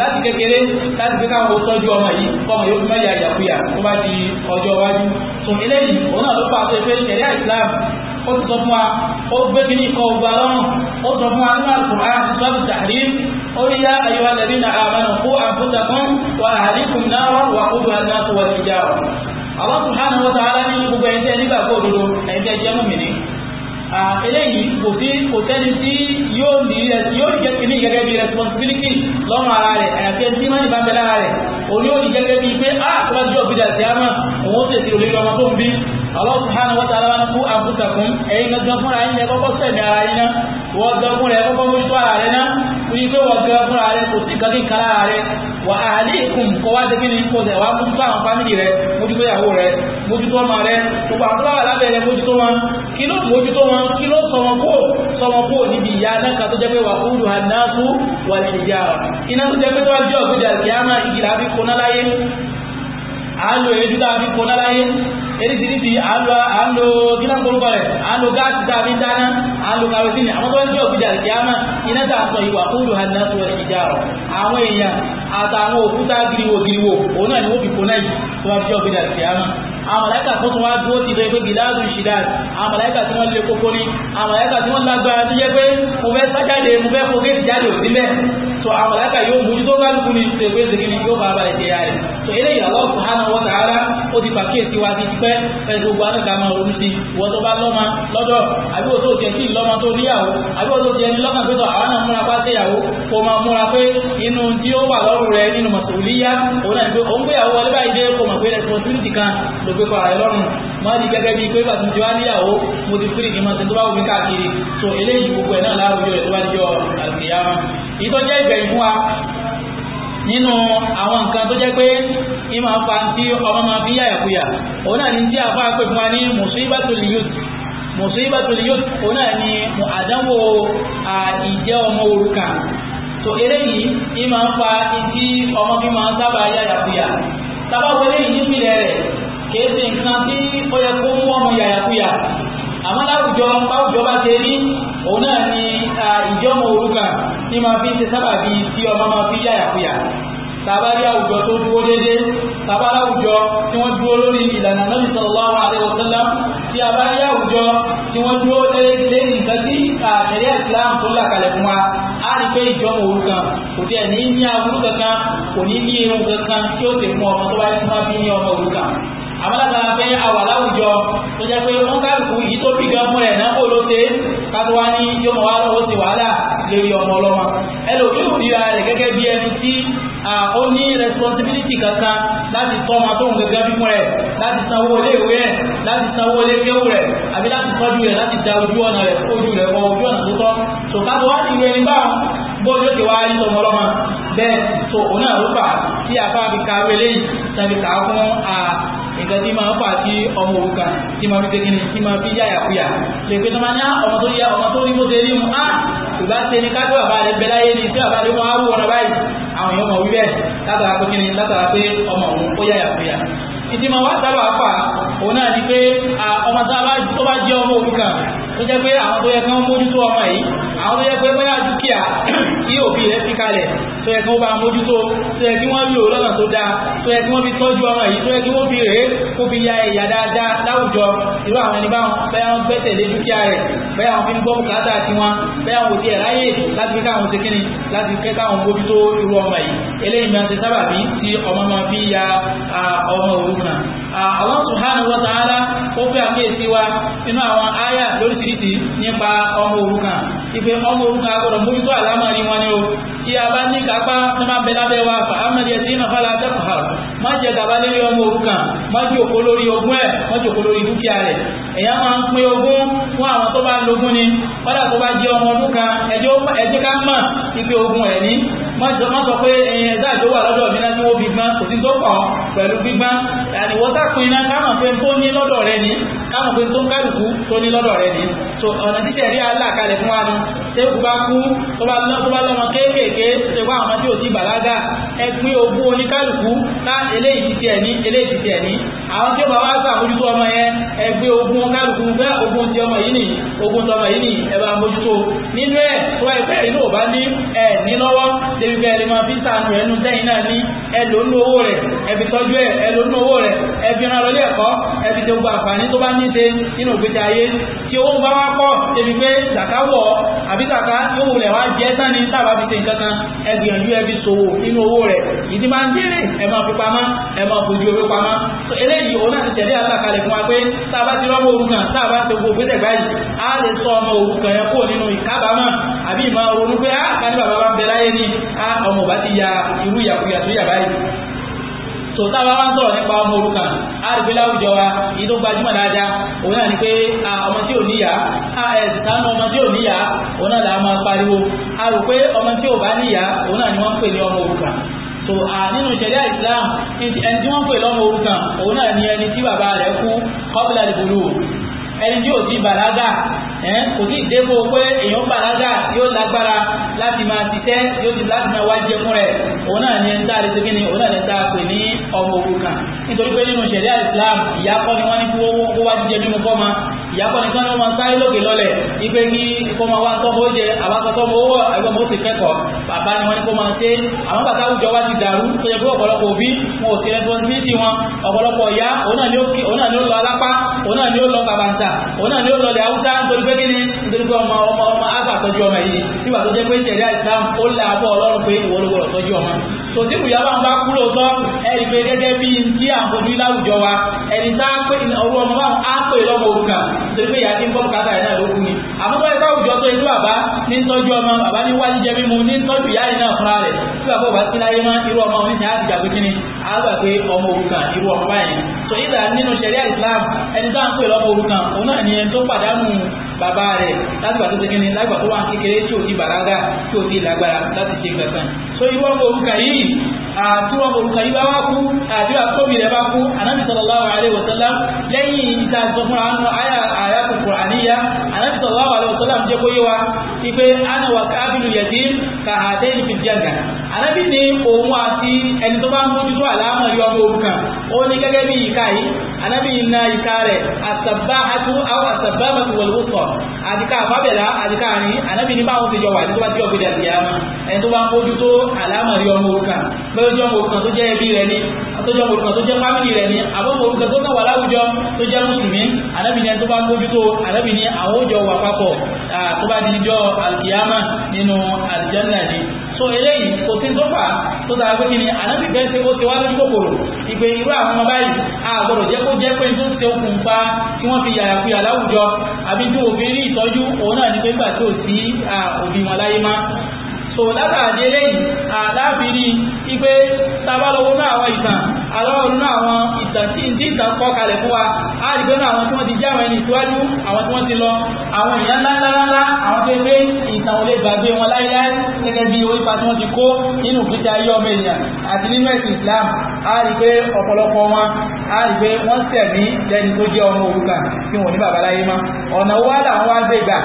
Speaker 1: láti kékeré láti pé káwọn tọ́jú ọmọ yìí kọmọ yóò fún ẹ̀yà àjàkúyà tó bá di ọjọ́ iwájú so eléyìí òun náà ló pa àti ẹgbẹ́ ìṣẹ̀lẹ̀ Islam ó ti sọ fún wa ó gbé kí ní ikọ̀ ọgbà lọ́rùn ó sọ fún wa nínú Al-Qur'an sọ́ọ̀bù tàrí ó rí yá ayọ̀ alẹ́bí na àmàlù kó àfúntakùn wà àríkùn náà wà kó dùn àná tó wà sí ìjà àwọn subhanahu wa ní eléyìí kò sí kò sẹ́ni tí yóò ní jẹ́ kìíní gẹ́gẹ́ bí responsibility lọ́rùn ara rẹ̀ àyàfi ẹni tí máa ń bá bẹ lára rẹ̀ òní ò ní gẹ́gẹ́ bí pé á ah, tó bá jọ bídà sí àmà òun ó tètè olè lọ́mọ tó ń bí Allah subhanahu wa ta'ala ń kú àbúkàkún ẹ̀yin gangan fúnra yín lẹ kọ́kọ́ sẹ̀mí ara yín náà wọ́n gan fúnra ẹ̀ kọ́kọ́ mójútó ara rẹ̀ náà fún yín pé wọ́n gan fúnra rẹ̀ kò sí kankan kan lára rẹ̀ wà á lè kùn kọ́ wá dé kí kò sẹ̀ wá mójútó àwọn fámìlì rẹ̀ mójútó ìyàwó rẹ̀ mójútó ọmọ rẹ̀ gbogbo àbúrò àlábẹ̀ mójútó wọn kí ló mú ojú tó wọn kí ló sọmọ kó sọmọ kó níbi ìyá náà tó jẹ́ pé wà kúrò àdáàkú wà ní ìjà iná tó jẹ́ pé tó jẹ́ ọ̀gbẹ́jà ìyáàmà ìgbìlá fi kóná láyé àálò èédú tá a fi kóná láyé eréṣiríṣi àálò àálò gíná gbórúkọ àálò gáàsì tá a fi dáná àálò kàrọsínì àwọn tó ń jẹ́ ọ̀gbẹ́jà a sọ ìwà kúrò àdáàkú wà ní ìjà àwọn èèyàn àtàwọn òkúta giriwo giriwo òun náà ni wọ́n fi kóná yìí àwọn màláíkà tó tún wá dúró ti lè pé bìláàdù ṣìdáàd àwọn màláíkà tí wọ́n lè kókó ní àwọn màláíkà tí wọ́n lágbára tó jẹ́ pé mo fẹ́ sájáde mo fẹ́ fòkè ìjáde ò sílẹ̀ so àwọn màláíkà yóò mójú tó kálukú ní ṣe pé ṣèkí ni yóò bàbá rẹ̀ jẹyà rẹ̀ so eléyìí Allah subhanahu wa ta'ala ó ti pàkíyèsí wa ti pẹ́ pẹ̀lú gbogbo anáka máa ronú sí wọ́n tó bá lọ́mọ lọ́dọ̀ àbí wọ́n tó jẹ́ sí lọ́mọ tó níyàwó àbí wọ́n tó jẹ́ lọ́mọ pé àwọn náà múra bá séyàwó kó máa múra pé inú tí ó wà lọ́rùn rẹ̀ nínú mọ̀tòlíyá òun náà fíríjì kan ló pé para ẹ lọ́rùn máa di gẹ́gẹ́ bíi pé bàtí ti wá níyàwó mo ti fíríjì máa ṣe tó bá wù mí káàkiri so eléyìí gbogbo ẹ̀ náà láàrúyọ ẹ̀ tó bá jọ àgbéyàmá ìtọ́jẹ́ ìgbẹ̀yìn fún wa nínú àwọn nǹkan tó jẹ́ pé ìmọ̀ fa tí ọmọ máa fi yáyà kúyà òun náà ní tí a fà pé fún wa ní musibatul youth musibatul youth òun náà ní àdánwò ìjẹ́ ọmọ òrukàn so eléyìí ìmọ̀ fa tí ọmọ fi máa sábà yáyà kúyà tàbá wọlé yìí nípìnlẹ̀ rẹ̀ kìí ṣe nǹkan tí ó yẹ kó mú ọmọ yàyàkuyà àmọ́ láwùjọ báwùjọ bá ṣe rí ni ìjọ́mọ̀ orúkà tí fi ṣe sábàbí tí ọmọ máa fi yàyàkuyà tàbárí àwùjọ tó dúró déédé tàbárí àwùjọ tí wọ́n dúró lórí ìlànà Nabi sallallahu alaihi wasallam tí a bá rí àwùjọ tí wọ́n dúró lé nǹkan tí àtẹ̀lẹ́ Islam tó là kalẹ̀ fún wa á rí pé ìjọmọ̀ òrukàn kò tí ẹ̀ ní ní aburú kankan kò ní ní irun kankan tí ó sì fún ọmọ tó bá yẹ fún wa bí ní ọmọ òrukàn àmọ́lágbára pé àwà láwùjọ tó jẹ́ pé wọ́n kárùkù yìí tó bí gan fún ẹ̀ náà kó ló ṣe kátó wá ní yóò mọ̀ wá lọ́wọ́ sí wàhálà lórí ọmọ ọlọ́mọ ẹlòmíràn ríra rẹ̀ gẹ́gẹ́ bí ẹni tí ó ní responsibility kankan láti tọ́ ọmọ tó ń gẹ́gẹ́ bímọ rẹ̀ láti sanwó ilé ìwé rẹ̀ láti sanwó ilé kéwù rẹ̀ àbí láti tọ́jú rẹ̀ láti da ojú ọ̀nà rẹ̀ ojú rẹ̀ wọ ojú ọ̀nà tó tọ́ so káàbọ̀ wá sí ìwé ẹni bá bó yóò ti wá rí tọmọ ọlọ́mọ bẹ́ẹ̀ so òun náà ló fà tí àfáà fi ka wẹlé yìí tàbí kà á fún nǹkan tí máa fà sí ọmọ òrùka tí máa fi pé kíni tí máa fi yáyàkuyà lè pé tọ́mọ ní ah, ọmọ tó yá ọmọ tó rí bó ṣe rí mu ah, á ìgbà ṣe ni ká tó bàbá rẹ bẹ láyé ni tí bàbá rẹ wọn á wò wọn báyìí àwọn èèyàn mọ̀ wí bẹ́ẹ̀ látara pé kíni látara pé ọmọ òun ó yáyàkuyà ìdí máa wá sábà fà òun náà ni pé ọmọ tó bá jẹ́ ọmọ òrùka tó jẹ́ pé àwọn tó yẹ kí wọ́n mójútó ọmọ yìí àwọn tó yẹ pé bóyá dúkìá tí òbí rẹ̀ fi kalẹ̀ tó yẹ kí wọ́n bá mójútó tó yẹ kí wọ́n lò lọ́nà tó dáa tó yẹ kí wọ́n fi tọ́jú ọmọ yìí tó yẹ kí wọ́n fi rèé kó fi ya ẹ̀yà dáadáa láwùjọ irú àwọn ẹni báwọn bẹ́ẹ̀ wọ́n gbẹ́sẹ̀ lé dúkìá rẹ̀ bẹ́ẹ̀ àwọn fi ń gbọ́ bùkátà tí wọ́n bẹ́ẹ̀ wò tiẹ̀ ráyè láti fi káwọn sekínì láti fẹ́ káwọn mójútó irú ọmọ yìí eléyìí máa ti sábà bí tí ọmọ máa fi ya ọmọ òrukàn Allah subhanahu wa ta'ala ó fẹ́ àkíyèsí wa nínú àwọn áyà lóríṣiríṣi nípa ọmọ òrukàn ìpè ọmọ òrukàn agbọ́dọ̀ mójútó àlámọ́ ni wọ́n tí a bá ní kápá tí máa bẹ lábẹ́ wa fa amẹ́rẹ́ tí náà fàlà tẹ́kọ̀ọ́ má jẹ gàba lórí ọmọ òrukàn má jẹ òkó lórí ogún ẹ̀ má jẹ òkó lórí dúkìá rẹ̀ máa ń pín ogún fún àwọn tó kan ẹjọ́ ká mọ̀ ẹ̀ ní má sọ pé ẹ̀yìn ẹ̀dá lọ́dọ̀ mi náà kò sí tó kàn pẹ̀lú káwọn pé tó ń kálukú tó ní lọ́dọ̀ rẹ̀ ni so ọ̀nà títẹ̀ rí aláàkalẹ̀ fún wa ni ṣé kú bá kú tó bá lọ́mọ kéékèèké ṣe wá àwọn tí ò ti bàlágà ẹ pín ogún oníkálukú ká eléyìí ti tiẹ̀ ní eléyìí ti tiẹ̀ ní àwọn tí ó bá wá sàmójútó ọmọ yẹn ẹ gbé ogún kálukú fẹ́ ogún ti ọmọ yìí nìyí ogún tọmọ yìí nìyí ẹ bá mójútó nínú ẹ̀ tó ẹgbẹ́ ìlú ò bá ní ẹ̀ ní lọ́wọ́ débi bẹ́ẹ̀ lè máa fi sàánú ẹnu tẹ́yìn náà ní ẹlò nú owó rẹ̀ ẹbí tọ́jú ẹ̀ ẹlò nú owó rẹ̀ ẹbí rán lọlé ẹ̀kọ́ ẹbí tó gba àǹfààní tó bá ní ṣe nínú ìgbésí ayé tí owó bá wá pọ̀ débi pé zàká wọ̀ àbí zàká yóò wulẹ̀ wá jẹ́ sani tábà fi ṣe nǹkan kan ẹgbìyànjú ẹbí ṣòwò nínú owó rẹ̀ ìdí máa ń ẹ máa fi sọ ọmọ yẹn kúrò nínú àbí ká ọmọ bá ti ya irú ìyàkúyà tó yà báyìí so táwa wá ń sọ̀rọ̀ nípa ọmọ òrukàn á rí pé láwùjọ wa èyí tó gbajúmọ̀ dáadáa òun náà ni pé ọmọ tí ò níyà á ẹ̀sìn tánú ọmọ tí ò níyà òun náà là á máa pariwo a pé ọmọ tí ò bá níyà òun náà ni wọ́n ń pè ní ọmọ òrukàn so nínú ìṣẹ̀lẹ̀ Islam ẹni tí wọ́n ń pè lọ́mọ òrukàn òun náà ni ẹni tí bàbá rẹ̀ kú kọ́bílà ìbúlù ẹni tí ò ti bàlágà kò sí ìdébò pé èèyàn bàlágà yóò lágbára láti máa ṣiṣẹ́ yóò ti láti máa wájẹ fún rẹ̀ òun náà ni ń dáre sí kíni òun náà ni ń dáa pè ní ọmọ òrukàn nítorí pé nínú ṣẹ̀ríà Islam ìyákọ́ ni wọ́n ní kó wá jíjẹ mímu kọ́ ma ìyákọ́ ni kí wọ́n máa sáré lókè lọ́lẹ̀ ipe kí kó máa wá tọ́mọ oúnjẹ àbátọ́tọ́mọ owó àgbọ̀n mọ́ sí kẹ́kọ̀ọ́ bàbá ni wọ́n ní kó máa ṣe àwọn bàtà àwùjọ wá ti dàrú tó yẹ pé ọ̀pọ̀lọpọ̀ òbí wọn ò sí responsibility wọn ọ̀pọ̀lọpọ̀ ìyá òun náà ni ó lọ alápá òun náà ni o lọ babanta òun náà ni o lọ lẹ haúsá nítorí pé kíni nítorí pé ọmọ ọmọ ọmọ ábà tọ́jú ọmọ yìí nígbà tó jẹ́ pé ṣẹ̀ríà Islam ó lẹ abọ́ ọlọ́run pé ìwọ ló gbọ́dọ̀ tọ́jú ọmọ tò tí ìyá bá ń bá kúrò tọ́ ẹni pé gẹ́gẹ́ bí n tí à ń fojú láwùjọ wa ẹni tá a pé ọrú ọmọ bá a pè lọ́mọ òrùka nítorí pé ìyá tí ń bọ́ bùkátà ẹ̀ náà ló kú ni àmọ́tọ́ ẹ̀ láwùjọ tó inú bàbá ní tọ́jú ọmọ bàbá ní wájú jẹ mímu ní tọ́jú ìyá yìí náà fúnra rẹ̀ tí bàbá ò bá sí láyé mọ́ irú ọmọ oníṣẹ́ àti ìjàgbé kíni àgbà pé ọmọ òrùka irú ọmọ báyìí so ìdá nínú ṣẹ̀ríà Islam ẹni tá à ń pè lọ́pọ̀ òrukàn òun náà ni ẹni tó pàdánù bàbá rẹ̀ látìgbà tó segin ní látìgbà tó wà ní kékeré tí ò ti bàlágà tí ò ti lágbára láti ṣe gbẹ̀sán so irú ọmọ òrukàn yìí àti ọmọ òrukàn yìí bá wá kú àti àkóbì rẹ̀ bá kú Ànábì sallallahu alaihi wasallam lẹ́yìn ìta sọ fúnra nù àyà àyà kòkòrò àníyá Ànábì sallallahu alaihi wasallam jẹ́ kó yé wa ipe ana wa kábìlù yẹtí ka àdéhìn fi jẹ́ gà Ànábì ní òun àti ẹni tó bá ń mójútó àlámọ̀ yọ ọmọ òrukàn ó ní gẹ́gẹ́ bí ìka yìí anábì iná ìka rẹ̀ àtàbáhátú àwọn àtàbáhátú wọlúwọ́pọ̀ àdíká àfábẹ̀lá àdíká àárín anábì ní báwọn ti jọ wà ní tó bá jọ gbẹ̀dẹ̀ àti yàmá ẹni tó bá ń bójú tó àlámọ̀rí ọmọ òrukàn bẹ́ẹ̀ jọ ọmọ òrukàn tó jẹ́ ẹbí rẹ̀ ni àtọ́jọ́ ọmọ òrukàn tó jẹ́ fámìlì rẹ̀ ni àbọ̀mọ̀ òrukàn tó kàn wà láwùjọ tó jẹ́ mùsùlùmí anábì so eléyìí kò sí tó fà tó dára pé kí ni ànábì bẹ́ẹ̀ ṣe ó ti wá lójú kòkòrò ìgbé irú àwọn ọmọ báyìí a gbọ́dọ̀ jẹ́ kó jẹ́ pé tó ṣe okùnfà kí wọ́n fi yàyà kuyà láwùjọ àbí tí òfin rí ìtọ́jú òun náà ní pé gbà tó sí òbí wọn láyé má so látàdé eléyìí àdáàfin rí i pé tabalọ́wọ́ náà àwọn ìtàn aláwọ̀ nínú àwọn ìtàn tí ìtàn kọ́ kalẹ̀ fún wa á rí pé àwọn tí wọ́n ti jẹ́ àwọn ẹni ìtúwájú àwọn tí wọ́n ti lọ àwọn èèyàn ńláńláńlá àwọn tó gbé ìtàn olè gbàgbé wọn láíláí gẹ́gẹ́ bí orípa tí wọ́n ti kó nínú ìgbésí ayé ọmọ ènìyàn àti nínú ẹ̀sìn Islam á rí pé ọ̀pọ̀lọpọ̀ wọn á rí pé wọ́n sẹ̀mí lẹ́ni tó jẹ́ ọmọ òrukàn tí wọ́n ní bàbá láyé mọ́ ọ̀nà wàhálà wọn wá gbé gbà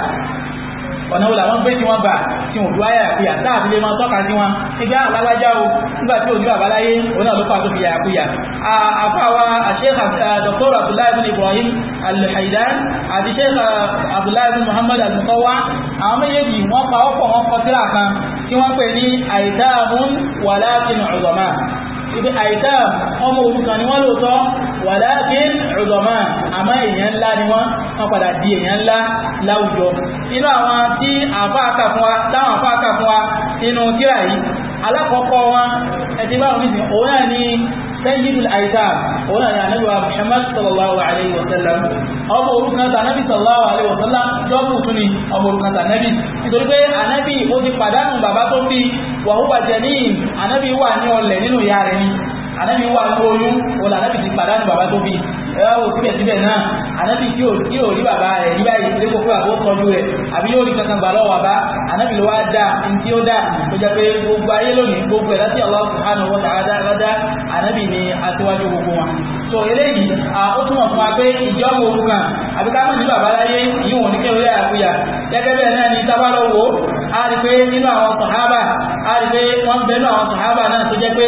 Speaker 1: ọ̀nà òlà wọn gbé tí wọ́n bà tí wọ́n dúwáyà àkúyà táàbí lè máa tọ́ka sí wọn nígbà alágbájá o nígbà tí òjú àbáláyé òun àlọ́pàá tó fi yà àkúyà àfáwa àṣẹ́kà Dr. Abdullahi bin Ibrahim al-Haidan àti ṣẹ́kà Abdullahi bin Muhammad al-Mutawa àwọn méjèèjì wọ́n pa ọ̀pọ̀ wọn kọ síra kan tí wọ́n pè ní àìdáàmún walakin udama ibi wọ́n padà di èèyàn ńlá láwùjọ inú àwọn tí àfá àkàfún wa táwọn àfá àkàfún wa nínú tíra yìí alákọ̀ọ́kọ́ wọn ẹ̀tí bá òun nìsìn òun náà ni sayyidul aizab òun náà ni ànábì wa muhammad sallallahu alaihi wasallam ọmọ òrukàn tà nábì sallallahu alaihi wasallam jọ́bù tún ni ọmọ òrukàn tà nábì nítorí pé ànábì ó ti pàdánù wà ní ọlẹ̀ nínú ìyá rẹ̀ ni ànábì wà lóyún òun ànábì ti pàdánù bàbá tó bí ẹwà wò síbẹ̀síbẹ̀ náà ànábì tí yóò rí bàbá rẹ̀ ní báyìí ilé kókó àbó kọjú rẹ̀ àbí yóò rí kankan gbà lọ́wọ́ bàbá ànábì ló wá dá ntí ó dá tó pé gbogbo ayé lónìí gbogbo ẹ̀ láti Allah subhanahu wa ta'ala ládá ànábì ni aṣíwájú gbogbo wọn so eléyìí ó túmọ̀ fún wa pé ìjọba òun kan àbí ká mọ̀ ní bàbá láyé ìyíwọ̀n ní kéwìlẹ̀ àkúyà gẹ́gẹ́ bẹ́ẹ̀ náà ni tábàlọ́wọ́ a rí pé nínú àwọn sàhábà a rí pé wọ́n bẹ́ẹ̀ nínú àwọn sàhábà náà tó jẹ́ pé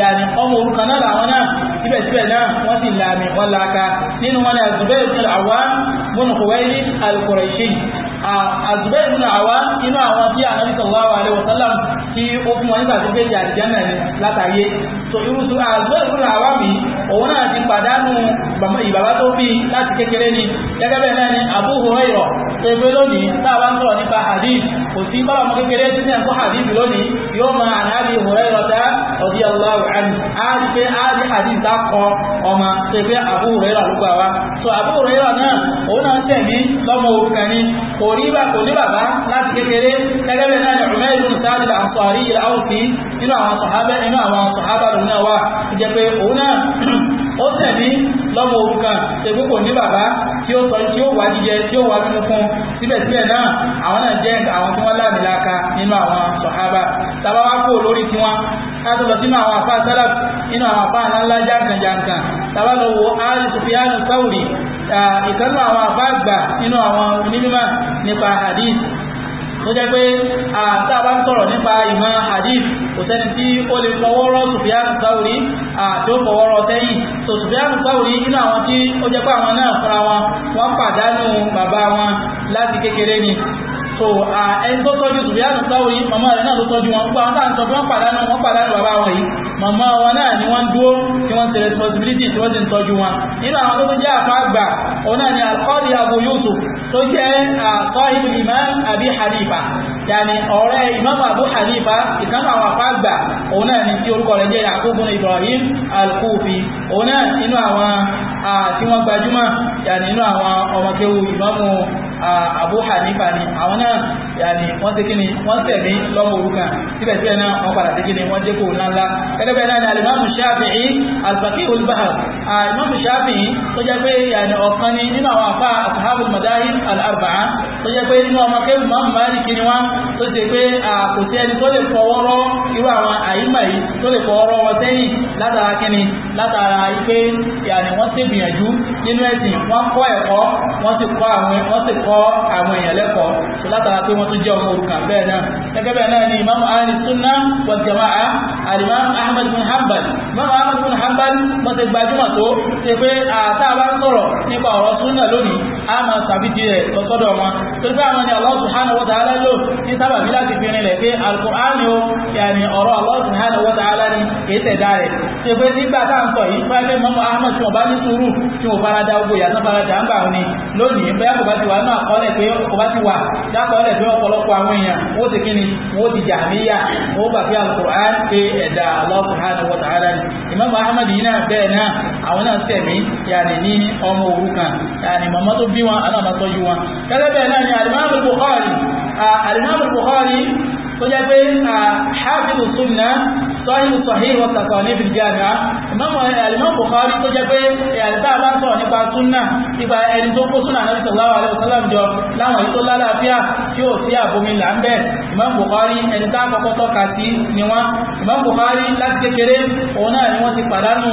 Speaker 1: yàní ọmọ òun náà làwọn náà síbẹ̀síbẹ̀ náà wọ́n sì láàmì wọ́n láka nínú wọn ni àzùbẹ́rù àzùbẹ́ ìlú àwa inú àwọn tí ànábì sallallahu alaihi wasallam tí ó fún wọn nígbà tó gbé látàyé so irú tó àzùbẹ́ ìlú àwa mi òun náà ti pàdánù ìbàbá tó bí láti kékeré ni gẹ́gẹ́ bẹ́ẹ̀ náà ni Abu Hurairah tó gbé lónìí táwa ń sọ̀rọ̀ nípa hadith kò sí bọ́lá ọmọ kékeré tí ní ẹ̀kọ́ hadith lónìí yóò máa ànábì Hurairah radiyallahu anhu àti pé àti hadith dákọ ọmọ tó gbé Abu Hurairah ló so Abu Hurairah náà òun náà tẹ̀mí lọ́mọ òkú ríbà kò ní bàbá láti kékeré gẹ́gẹ́ bẹ́ẹ̀ náà ni Umayr ibn Sa'd al-Ansari al-Awsi nínú àwọn sàhábà nínú àwọn sàhábà lòun náà wà ìjẹ́ pé òun náà ó tẹ̀lé lọ́mọ òrukàn tẹ̀gbọ́n kò ní bàbá tí ó sọ tí ó wà jíjẹ tí ó wà mímu fún síbẹ̀síbẹ̀ náà àwọn náà jẹ́ àwọn tí wọ́n láàmì láka nínú àwọn sàhábà tàbá wá kó lórí tiwọn káàtó lọ sínú àwọn àfáà sálàf nínú àwọn àfáà ńláńlá jàǹkànjàǹkàn tàbá lọ wo Ali Sufyan Ah, ìkanú àwọn àbáàgbà nínú àwọn onímọ̀ nípa hadith tó jẹ́ pé àtàbá nípa hadith kò tí ó lè àti ó tó àwọn tí ó jẹ́ pé àwọn náà wọn wọ́n pàdánù ni so ẹni tó tọ́jú Sùfíànù Sáwòrì màmá rẹ̀ náà ló tọ́jú wọn gbogbo àwọn táwọn sọ pé wọ́n pàdánù wọ́n pàdánù bàbá wọn yìí màmá wọn náà ni wọ́n dúró tí wọ́n ti responsibility tí wọ́n ti ń tọ́jú wọn nínú àwọn tó tún jẹ́ àfa àgbà òun náà ni Al-Qadi Abu Yusuf tó jẹ́ àtọ́hìn Imam Abi Hanifa yàni ọ̀rẹ́ Imam Abu Hanifa ìkan àwọn àfa àgbà òun náà ni tí orúkọ rẹ̀ jẹ́ Yakubu Ibrahim Al-Kufi òun náà nínú àwọn tí wọ́n gbajúmọ̀ yàni nínú àwọn ọmọkéwu Imamu Ah, Abu Hanifa ni àwọn náà yàní wọ́n ti kíni wọ́n tẹ̀lé lọ́mọ òrukàn síbẹ̀síbẹ̀ náà wọ́n padà ti kíni wọ́n jẹ́kọ̀ ńláńlá gẹ́gẹ́gẹ́ náà ni alimami Shafi'i albaki olùbáhàr alimami ah, Shafi'i tó jẹ́ pé yàní ọ̀kan ni nínú àwọn afá asahabu madahib al-arba'a tó jẹ́ pé nínú ọmọ kẹ́rù mọ́mù Málìkì ni wọ́n tó ṣe pé kò sí ẹni tó kọ́ àwọn èèyàn lẹ́kọ̀ọ́ tó látara pé wọ́n tún jẹ́ ọmọ òrùka bẹ́ẹ̀ náà gẹ́gẹ́ bẹ́ẹ̀ náà ni imam ahli sunna wa jama'a alimam ahmed bin hanbal imam ahmed bin hanbal wọ́n ti gbajúmọ̀ tó ṣe pé àtà bá ń sọ̀rọ̀ nípa ọ̀rọ̀ sunna lónìí a máa sàbídì rẹ̀ lọ́sọ́dọ̀ wọn sábàbí láti fi rinlẹ̀ pé alukur'ani o yàní ọ̀rọ̀ Allah subhanahu wa ta'ala ni kìí tẹ̀dá rẹ̀ ṣe pé nígbà tá à ń sọ yìí pé pé mọ́mọ́ ahmed tí wọ́n bá ní sùúrù tí wọ́n fara da ogbò yàtọ̀ fara da ń gbà wọn ni lónìí bẹ́ẹ̀ kò bá ti wà náà kọ́lẹ̀ pé kò bá ti wà dákọ̀ọ́lẹ̀ pé ọ̀pọ̀lọpọ̀ àwọn èèyàn wọ́n ti kí ni wọ́n ti jà níyà wọ́n gbà pé ni Imam tó bí wọn aláàmà tọ́jú wọn kẹ́lẹ́ náà ni alimami Bukhari alimami buhari tó jẹ́ pé hafidu sunna sọ́yìn sọ̀hìn wọ́n tàtọ̀ ní bìjáàmà alimami buhari tó jẹ́ pé ẹ̀ẹ́dá bá sọ̀rọ̀ nípa sunna nípa ẹni tó kó sunna náà sallallahu alaihi Imam Bukhari ẹni tá àkọ́kọ́ tọ́ka sí ni wọ́n Imam Bukhari láti kékeré òun náà ni wọ́n ti pàdánù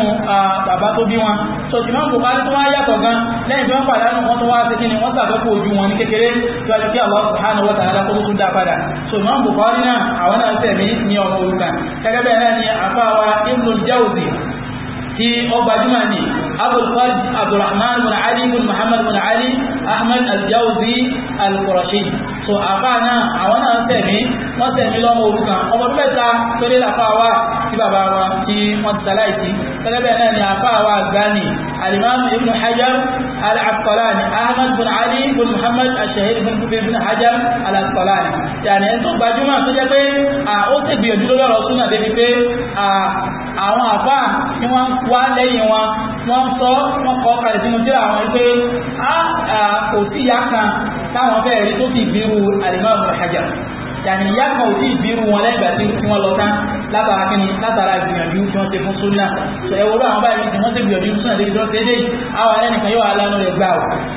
Speaker 1: bàbá tó bí wọn so Imam Bukhari tó wá yàtọ̀ gan lẹ́yìn tí wọ́n pàdánù wọn tó wá sí kíni wọ́n sàbẹ́kù ojú wọn ní kékeré tí wọ́n ti kí Allah subhanahu wa ta'ala kó tún dá padà so Imam Bukhari náà àwọn náà tẹ̀mí ní ọmọ òrukàn gẹ́gẹ́ bẹ́ẹ̀ náà ni àfáwa Ibn Jawzi tí ó gbajúmọ̀ ní abdulfaj abdulrahman bin ali bin so àbá náà àwọn náà tẹ̀mí wọ́n tẹ̀mí lọ́mọ òrukàn ọmọ ọdún mẹ́ta péré làfà wà tí bàbá wa tí wọ́n ti sàláìsí tẹ́lẹ́bẹ̀ náà ni àfà wa gani alimami ibn hajar al-asqalani Ahmed bin ali bin muhammad Al ashahid bin kubi bin hajar al-asqalani yàrá ẹni tó gbajúmọ̀ tó jẹ́ pé ó sì gbìyànjú lórí ọ̀rọ̀ súnà débi pé àwọn àfá tí wọ́n ń wá lẹ́yìn wọn wọ́n sọ wọ́n kọ́ kalẹ̀ sínú tíra àwọn pé kò sí ìyá kan táwọn fẹ́ rí tó ti bírú àlìmọ́ Ibn Hajar yàní ìyá kan ò sí ìbírú wọn lẹ́gbàá tí wọ́n lọ tán látara kíni látara ìgbìyànjú tí wọ́n ṣe fún súnà ẹ̀wọ̀rú àwọn báyìí tí wọ́n ṣe gbìyànjú súnà lè jọ ṣe dé àwọn ẹnìkan yóò alánú rẹ̀ gbà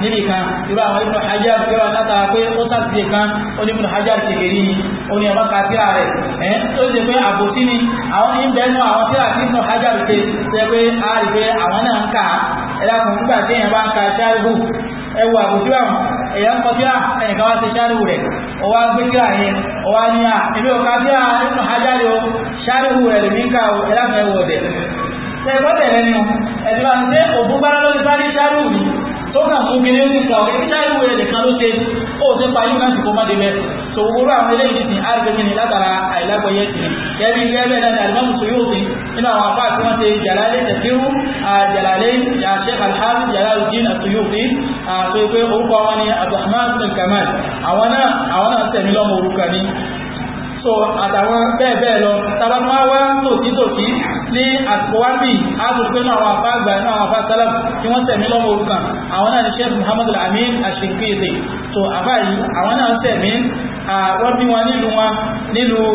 Speaker 1: níbi kan irú àwọn Ibn Hajar yóò látara pé ó sàtìlẹ̀ kan ó ní Ibn Hajar kékeré ni ó ní ọmọ ni àwọn ní bẹ́ẹ̀ náà àwọn tíra tí Ibn Hajar ṣe ṣe pé a rí pé àwọn náà ń kà ẹ̀dàkùn nígbà tí èèyàn bá ń ka ṣáàrù ẹwà àbòsí àwọn èèyàn kọjá ó wá gbé kíra yẹn ó wá ní à èmi ò ká sí àwọn nínú ajáde o ṣáàrùhù rẹ̀ lèmi ká o ẹlẹ́fẹ̀ẹ́ wọ̀ ni ẹ̀sìn máa ń ṣe ni tó kà fún mi ní ìgbà òkè ṣáàrùhù so gbogbo àwọn ilé ìdí sin arìgbẹ́gbẹ́ ni látara àìlágbẹ̀yẹ sí kẹ́bí gẹ́gẹ́ náà ni alimami sọ yóò fi nínú àwọn apá tí wọ́n ti jàlálẹ̀ tẹ̀síwú àjàlálẹ̀ yàṣẹ́ alhàbí jàlálùdín àti yóò fi àti pé orúkọ wọn ni abdulhamad bin kamal àwọn náà àwọn náà tẹ̀mí lọ́mọ orúkọ ni so àtàwọn bẹ́ẹ̀ bẹ́ẹ̀ lọ tabanwa wá tòkítòkí ní àsìkò wá bì á tó pé náà àwọn afá àgbà náà àwọn afá sálàm tí wọ́n tẹ̀mí lọ́mọ orúkọ àwọn náà ni sheikh muhammadu amin ashinkiri so àfáà yìí àwọn náà tẹ̀mí wọ́n bí wọn nílùú wọn nílùú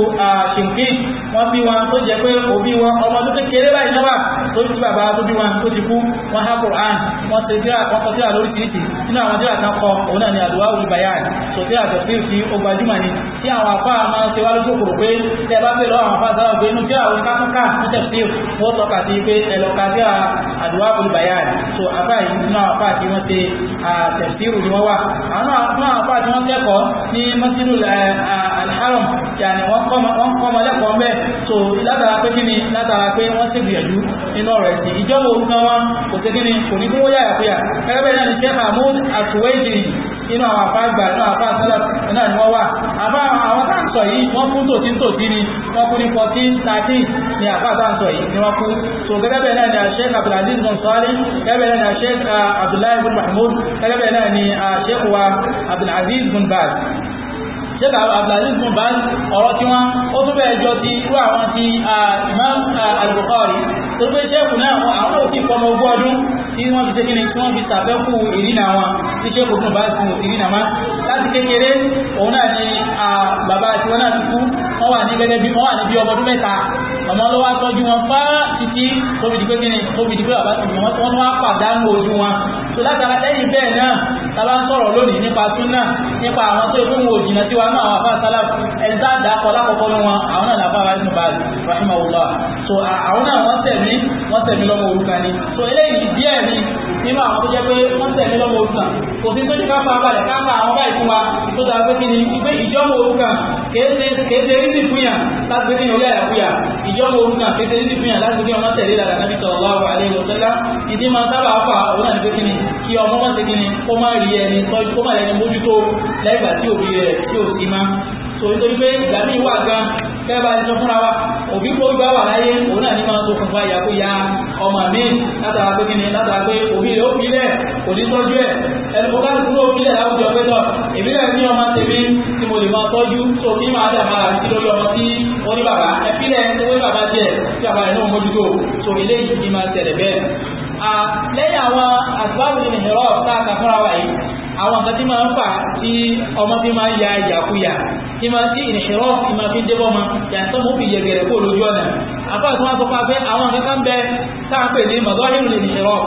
Speaker 1: kìnkìn wọ́n bí wọn tó jẹ́ pé òbí wọn ọmọ tó kékeré báyìí lọ́wà tó ti bàbá tó bí wọn tó ti kú wọn há Qur'an wọn ṣe tíra wọn kọ tíra lóríṣiríṣi nínú àwọn tíra kan kọ òun náà ni àdúrà olùbáyàn tó tíra tẹ̀síì sí ó gbajúmọ̀ ni tí àwọn afá máa ń ṣe wá lójú kòrò pé tẹ bá fẹ́ lọ àwọn afá sára pé inú tíra òun ká tún ká ní tẹ̀síì wọ́n tọ́ka sí pé ẹ lọ ka tíra àdúrà olùbáyàn tó afá yìí nínú àwọn afá tí wọ́n ṣe tẹ̀síì ni wọ́n Eh, eh, alharam yàní wọ́n kọ́ lẹ́kọ̀ọ́ mẹ́ so látara pé kíni látara pé wọ́n sì gbìyànjú nínú ọ̀rọ̀ ẹ̀sìn ìjọba orúkọ wọn kò sí kíni kò ní kí wọ́n yáyà péyà gẹ́gẹ́ bẹ́ẹ̀ náà ni sheikh mahmood atuwejiri inú àwọn àfá inú àfá àsálà náà ni wọ́n wà àwọn tá yìí wọ́n kú tòsí tòsí ni wọ́n kú ní fourteen ni àfá tá yìí ni wọ́n kú so gẹ́gẹ́ náà ni sheikh abdulaziz bin sọ́ọ́lì náà ni sheikh eh, abdullahi bin mahmoud gẹ́gẹ́ náà ni sheikh wa abdulaziz bin baz ṣẹ́kà abdulaziz mubal ọ̀rọ̀ tí wọ́n ó tún bẹ́ẹ̀ jọ ti irú àwọn ti imam al-bukhari tó pé ṣẹ́kù náà wọn àwọn òfin fọmọ ogún ọdún tí wọ́n fi ṣékìní tí wọ́n fi ṣàfẹ́kù ìrìnà wọn tí ṣẹ́kù bá fún ìrìnà wọn láti kékeré òun náà ni bàbá àti wọn náà ti kú wọ́n wà ní gẹ́gẹ́ bí wọ́n wà ní bí ọmọ ọdún mẹ́ta ọmọ ló wá tọ́jú wọn fá títí covid náà tàbá ń sọ̀rọ̀ lónìí nípa súnà nípa àwọn tó ikú wò jìnà tí wà náà àwọn afáà sálà ẹni tá àdàkọ lákọ̀ọ́kọ́ ní wọn àwọn náà làbá wa nínú bá rahimahullah so àwọn náà wọ́n tẹ̀mí wọ́n tẹ̀mí lọ́mọ òrukàn ni so eléyìí díẹ̀ ni nínú àwọn tó jẹ́ pé wọ́n tẹ̀mí lọ́mọ òrukàn kò sí tó ní káfà balẹ̀ káfà àwọn báyìí fún wa tó dáa pé kí ni ìjọ́mọ òrukàn kéèsè rí sí fúnyà láti ní orí àyàfúyà ìjọba òun náà kéèsè rí sí fúnyà láti ní ọmọ tẹ̀lé lára nàbí sallallahu alaihi wa sallam ìdí máa sábà fà òun àti pékinì kí ọmọ máa tẹkínì kó má rí ẹni tọ́jú kó má rí ẹni mójútó lẹ́gbàá tí òbí rẹ̀ tí ò sí má so nítorí pé ìgbà míì wà gan kẹ́ẹ̀bá ti sọ fúnra wa òbí kó gbá wà láyé òun náà ní máa tó fún fáyà kó ya ọmọ mi látara pé kíni látara pé òbí rẹ̀ ó fi lẹ̀ kò ní tọ́jú ẹ̀ ẹni kó káàkiri kúrò fi lẹ̀ láwùjọ pé tọ̀ èmi náà ní ọmọ tèmi tí mo lè máa tọ́jú tó kí máa dà máa sí lórí ọmọ tí ó ní bàbá ẹ fi lẹ̀ ewé bàbá tiẹ̀ tí bàbá rẹ̀ náà mójútó tó eléyìí ni máa tẹ̀lẹ̀ bẹ́ẹ̀ lẹ́yìn àwọn àtìbáwò ní ìrọ̀ táàkà fúnra wa ìmọ̀ sí ìṣẹ̀rọ̀ ìmọ̀ fi ń débọ́ ma yàtọ̀ mú fi yẹ̀gẹ̀rẹ̀ kó lójú ọ̀nà àpá ìtumọ̀ sọ fún afẹ́ àwọn nǹkan kan bẹ sáàpè ní mọ̀gọ́ ìrù lè ìṣẹ̀rọ̀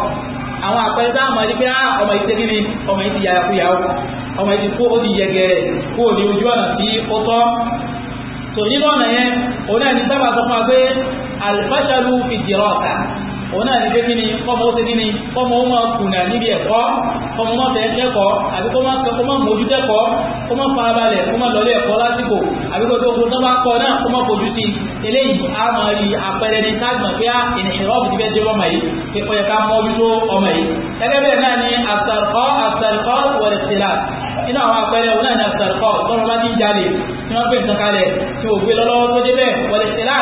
Speaker 1: àwọn a mọ̀ ní pé ah, ọmọ yìí tẹ́gí ni ọmọ yìí ti yàrá kú yàwó ọmọ yìí ti kó ó ti yẹ̀gẹ̀rẹ̀ kó ní ojú ọ̀nà tí ó tọ́ tò nínú ọ̀nà yẹn òun náà òun náà ní pé kí ni kọ́mọ ó ti kí ni kọ́mọ ó máa kùnà níbi ẹ̀kọ́ kọ́mọ máa fẹ́ kẹ́kọ̀ọ́ àbí kó máa mójú tẹ́kọ̀ọ́ kó máa farabalẹ̀ kó máa lọlé ẹ̀kọ́ lásìkò àbí kó tó kó bá kọ́ náà kó máa fojú sí eléyìí a máa rí àpẹẹrẹ ní tágbọ̀n pé ìnà ìrọ́bù ti fẹ́ dé ọmọ yìí pé ó yẹ ká mọ ojú tó ọmọ yìí gẹ́gẹ́ bẹ́ẹ̀ náà ni àtàrkọ́ àtàrkọ́ wọ̀rẹ̀sílà nínú àwọn àpẹẹrẹ òun náà ni àtàrkọ́ tọ́rọ bá ti jalè tí wọ́n gbé nǹkan tí ò gbé lọ́lọ́wọ́ tó débẹ̀ wọ̀rẹ̀sílà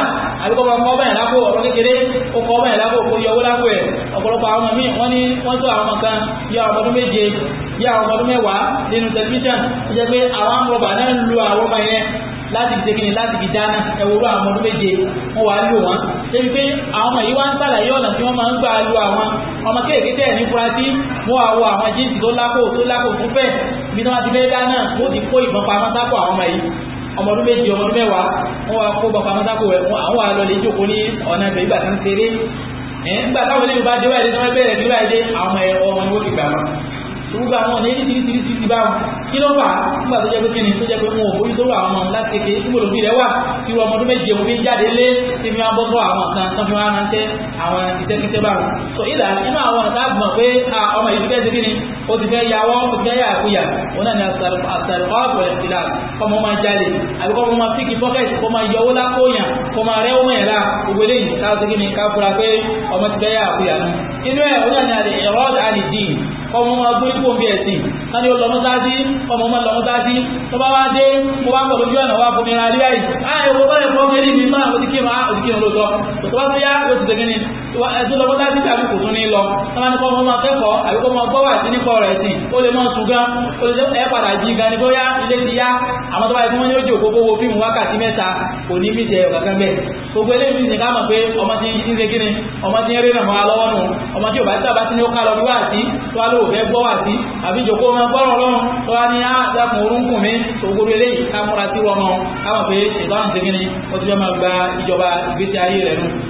Speaker 1: àbíkọ́ máa kọ́ báyìí lápò ọ̀rọ̀ kékeré ó kọ́ báyìí lápò kó yọ owó lápò ẹ̀ ọ̀pọ̀lọpọ̀ àwọn míì wọ́n ní wọ́n tó àwọn kan yọ àwọn ọdún méje yọ àwọn ọdún mẹ́wàá nínú tẹlifíṣàn ó jẹ́ pé àwọn amọ̀bà náà ń lu àwọn ọmọ yẹn láti fi segin láti fi dáná ẹwúrọ àwọn ọdún méje wọn wàá lò wọn débi pé àwọn ọmọ yìí wá ń sàlàyé ọ̀nà tí wọ́n máa ń gbà lu àwọn ọmọ kéèké tẹ̀ ní furasí wọn àwọ àwọn jíǹsì tó lápò tó lápò tó fẹ̀ ibi wọ́n ti fẹ́ dáná ó ti kó ìbọn pamọ́ sápò àwọn ọmọ yìí ọmọ ọdún méjì ọmọ ọdún mẹ́wàá wọ́n wá kó bàbá mọ́tàkù rẹ̀ fún àwọn àlọ́lẹ̀ ìjókòó ní ọ̀nà ibẹ̀ ìgbà kan kéré nígbà táwọn eléyìí bá dé wáyé tó wọ́n bẹ̀rẹ̀ nígbà dé àwọn ọmọ ni wọ́n gbogbo àwọn ọ̀nà yìí tìrì tìrì ti bá wọn kí ló fà nígbà tó jẹ́ pé kíni tó jẹ́ pé wọn ò bójú tó wà àwọn ọmọ láti kéke tí gbòlòmí rẹ̀ wà tí wọn ọmọdún méje omi jáde lé tí fi wọn bọ́ bọ́ àwọn kan tó fi wọn ara ń tẹ́ àwọn ìtẹ́kẹ́tẹ́ bá sọ ìlà nínú àwọn ọ̀nà táàbù pé ọmọ yìí fẹ́ ṣe kíni ó ti fẹ́ yà àkúyà òun ni àtàlùkọ́ ìtìlá kọ́mọ máa jalè àbí kọ́mọ máa fíkì pọ́kẹ́tì kọ́ máa yọwó lákòóyàn kọ́ máa rẹ́wọ́ mẹ́ẹ̀lá gbogbo eléyìí ká ṣe kíni ká fura pé ọmọ ti fẹ́ yà àkúyà òun náà ni àlè ẹ̀rọ àlè ọmọ wọn gbé kó bí ẹ̀sìn ká ní ọlọ́mọ́sáájí ọmọ ọmọ ọlọ́mọ́sáájí tó bá wá dé mo wá pọ̀ lójú ọ̀nà wá fún mi ra ilé àyè àyè wo bá lè fọ́ mi rí mi máa ó ti tẹ̀gẹ́ ni tó lọ bọ́lá títà bí kò tún ní lọ tọ́lá ní kọ́mọ́ máa kẹ́kọ̀ọ́ àbí kọ́mọ́ bọ́wà sí ní kọ́ọ̀rọ̀ ẹ̀sìn ó lè máa ṣùgán ó lè jẹ́ ẹ padà jí gan ni bóyá ilé ti yá àwọn tọ́ba ìfún wọn yóò jò gbogbo wo fíìmù wákàtí mẹ́ta kò ní bí jẹ ọ̀kankan bẹ́ẹ̀ gbogbo eléyìí ní ká mọ̀ pé ọmọ ti ń ṣe kíni ọmọ ti ń rí ìrànwọ́ lọ́wọ́ nù ọmọ tí ò bá tí bá ti ní ó ká lọ bí wà sí tó wá lóòfẹ́ gbọ́ wà sí àbí ìjòkó ọmọ gbọ́rọ̀ ọlọ́run tó wá ní àdàkùn orúnkùn mi tó gbogbo eléyìí ká múra sí wọn mọ́ ká mọ̀ pé ìtọ́ àwọn ṣe kíni ó ti fẹ́ máa gba ìjọba ìgbésí ayé rẹ̀ nù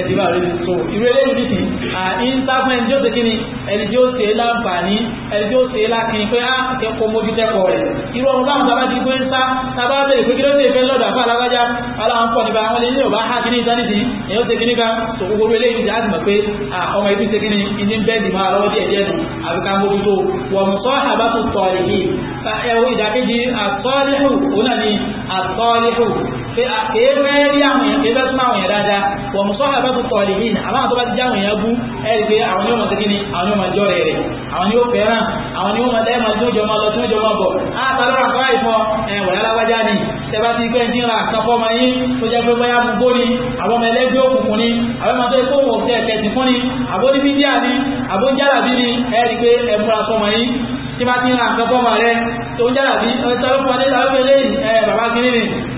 Speaker 1: ẹ̀dìbà rẹ̀ so ìwé lẹ́yìn nìtì àìntàfún ẹni tí ó ṣe kíni ẹni tí ó ṣe láǹfààní ẹni tí ó ṣe lákìí pé á kẹ́kọ̀ọ́ mójú tẹ́kọ̀ọ́ rẹ̀ irú ọmọ báwọn bàbá ti pé ń sá tábà bẹ̀rẹ̀ pé kí ló ṣe fẹ́ lọ́dọ̀ àfà alágbájá aláwọn pọ̀ nípa àwọn ilé ọba ha kíní ìdánìtì ẹni ó ṣe kíní ká so gbogbo eléyìí ti á ti mọ̀ pé ọmọ ibi ṣe kíní ní bẹ́ẹ̀dì máa lọ́wọ́ díẹ̀ díẹ̀ nù àbí ká mójú tó wọ̀n sọ àbátú tọ̀ọ̀lì yìí ẹ̀rọ ìdàkejì àtọ́lẹ́hù òun náà ni àtọ́lẹ́hù pé àkéwẹ́rí àwọn èèyàn wọ́n mú sọ́hà bẹ́ẹ̀ tọ̀ lè yìn àwọn àtọ́bá ti jáwọn èèyàn bú ẹ̀rí pé àwọn yóò mọ̀ sí kíni àwọn yóò mọ̀ jọ rẹ̀ rẹ̀ àwọn yóò fẹ́ràn àwọn yóò mọ̀ lẹ́ẹ̀mọ̀ tó jọ máa lọ tó jọ máa bọ̀ àtàlọ́rà fún àìfọ́ ẹ̀wọ̀n alábájá ni tẹ́bá ti gbẹ́ ní ra àkàfọ́ ma yín tó jẹ́ pé bóyá gbogbo ni àwọn ọmọ ẹlẹ́gbẹ́ òkùnkùn ni àwọn ọmọ tó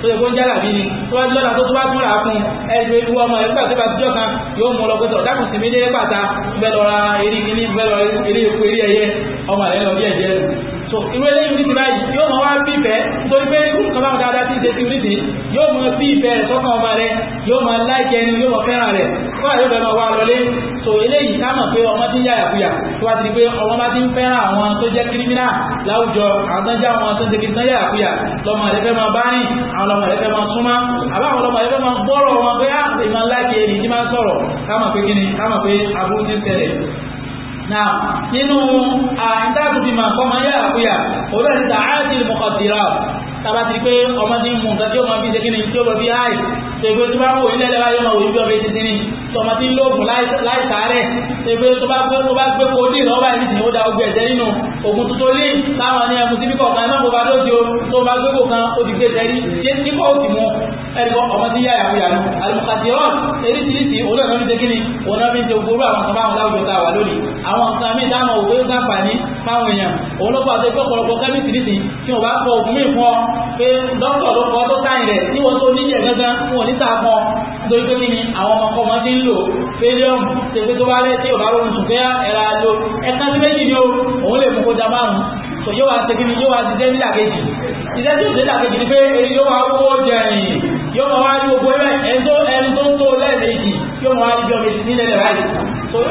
Speaker 1: tó yẹ kó ń jẹ́ àbí ni tó bá ti lọ́la tó tó bá tún rà á fún ẹgbẹ́ ìlú ọmọ ẹgbẹ́ tó bá ti jọ́ kan yóò mú ọlọ́gbẹ́sọ̀ dákùn sí mi dé pàtà bẹ́lọ́ra eré kìíní bẹ́lọ́ra eré epo eré ẹyẹ ọmọ rẹ̀ lọ bí ẹ̀jẹ̀ rẹ̀ so irú eléyìí ti báyìí yóò mọ wá bí ìfẹ́ nítorí pé irú nǹkan báwọn dáadáa ti ṣe ti rí sí yóò mọ bí ìfẹ́ rẹ̀ sọ́kàn ọmọ rẹ̀ yóò mọ láìkẹ́ ẹni yóò mọ fẹ́ràn rẹ̀ kọ́lá yóò bẹ̀rẹ̀ wá lọlé so eléyìí ká mọ̀ pé ọmọ tí ń yáyà kúyà tó bá ti di pé ọmọ bá ti ń fẹ́ràn àwọn tó jẹ́ kírímínà láwùjọ àwọn tó ń já àwọn tó ń segin tán yáyà kúyà lọ́mọ rẹ̀ fẹ́ máa bá rìn àwọn lọ́mọ rẹ̀ fẹ́ máa súnmọ́ àbáwọn lọ́mọ rẹ̀ fẹ́ máa gbọ́rọ̀ wọn pé á ìmọ̀ láìpẹ́ èyí tí máa ń sọ̀rọ̀ ká mọ̀ pé kíni ká mọ̀ pé aburú ti ń tẹ̀lẹ̀ náà nínú àìntàkùnfìmọ̀ kọ́mọ yáyà kúyà òun náà ti dà áàdì mọ̀kàndínlá tàbá ti pé ọmọ ti ń mú nǹkan tí ó máa fi ṣe kí ni tí ó lọ fi háì tó ìgbé tí bá ń wò nílẹ̀ lẹ́wà yóò máa wò ní tọmọ tí ń lóògùn láìsàárẹ̀ ebe tó bá gbé bá gbé kó dì lọ́wọ́ báyìí nìyí ó da ogun ẹ̀jẹ̀ nínú ògùn tuntun lé táwọn ní ẹmu síbí kọ̀ọ̀kan náà kó bá lóde o tó bá gbé kó kan ó ti gbé sẹ́rí ṣé ní kó ti mú ẹ̀rọ ọmọ tí yáyà fún yàrá àlùkàtì rọ́ọ̀ eréṣiríṣi òun náà fi ń ṣe kíni òun náà fi ń ṣe gbogbo àwọn kan báwọn láwùjọ tá a wà lónìí àwọn nǹkan míì dáhùn òwe ń sàǹfààní fáwọn èèyàn òun ló pàṣẹ pé ọ̀pọ̀lọpọ̀ kẹ́mísìrìsì tí wọ́n bá kọ ògùn mí fún ọ pé dókítà ló kọ tó sáyìn rẹ̀ tí wọ́n tó níjẹ̀ gángan fún òní sáà fún nítorí pé kí ni àwọn ọmọkọ ọmọ ti ń lò fẹ́líọ̀mù tètè tó bá rẹ̀ tí ò bá rọrùn sùn fẹ́ ẹ̀rọ àjò ẹ̀ka sí méjì ni ó òun lè mú kó da márùn tó yóò wá segin ni yóò wá ṣiṣẹ́ nílà kejì ṣiṣẹ́ tí ò ṣe nílà ni pé èyí yóò wá owó jẹ ẹ̀yìn yóò máa wá ní gbogbo ẹ̀rẹ́ ẹni tó ẹni tó ń tó lẹ́ẹ̀mejì yóò máa wá ní jọ méjì nílẹ̀ rẹ̀ gbé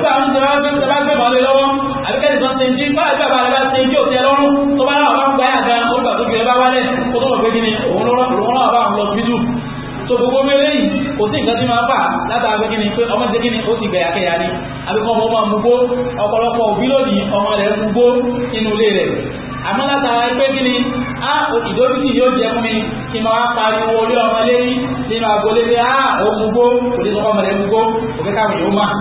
Speaker 1: bàbá lọ́wọ́ àbíkẹ́ni tó ń jí bá àgbà bàbá bá tẹ jí òtẹ lọ́rùn tó bá náà bá ń gan ó gbà tó bá wálẹ̀ ó tó mọ̀ pé kí ni òun lọ́rọ̀ lọ́rọ̀ lọ bí jù tó gbogbo mélé kò sí nǹkan tí máa fà látara pé kíni pé ọmọ ṣe kíni ó ti gbẹ̀yà kẹyà ni àbíkọ́ ọmọ máa mugbó ọ̀pọ̀lọpọ̀ òbí lónìí ọmọ rẹ̀ mugbó inú ilé rẹ̀ àmọ́ látara pé kíni á ìdójútì yóò jẹ fún mi kí máa pariwo orí ọmọ lérí ní máa gbolé pé á ó mugbó kò ní sọkọ́ ọmọ rẹ̀ mugbó kò fẹ́ káwọn yóò máa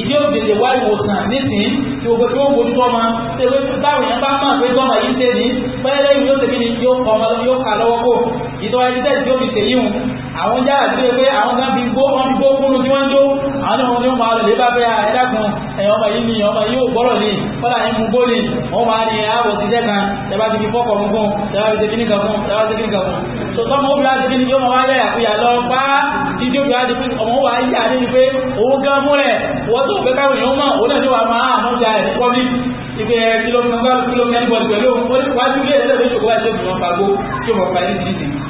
Speaker 1: ìdí òjèjì wá ìwòsàn nísìnyí tí o gbogbo owó ojú ọmọ tí ewé báwọn èèyàn bá máa pé tọ́mọ yìí ṣe ní pẹ́ẹ́lẹ́ yìí yóò ṣe ni yóò kọ́ ọmọ yóò kà lọ́wọ́ kò ìtọ́wá ẹni tẹ́sí yóò fi ṣèyí àwọn jáà sí pé àwọn kan fi gbó wọn fi gbó kúrú tí wọ́n ń jó àwọn náà wọn ni ó máa lọ lè bá bẹ́ ẹ̀dàkùn ẹ̀yàn ọmọ yìí ni ọmọ yìí ò gbọ́rọ̀ ní kọ́lá yìí mú gbó ní wọ́n máa ní ààbò ti jẹ́ kan tẹ́bá ti fi fọ́kọ̀ mú fún tẹ́bá ti kíní kan fún tẹ́bá wọ́n wájú ilé ẹ̀rẹ́ lóṣù kó wájú ìfìwọ́n pàgbó tí ó mọ̀ pa ní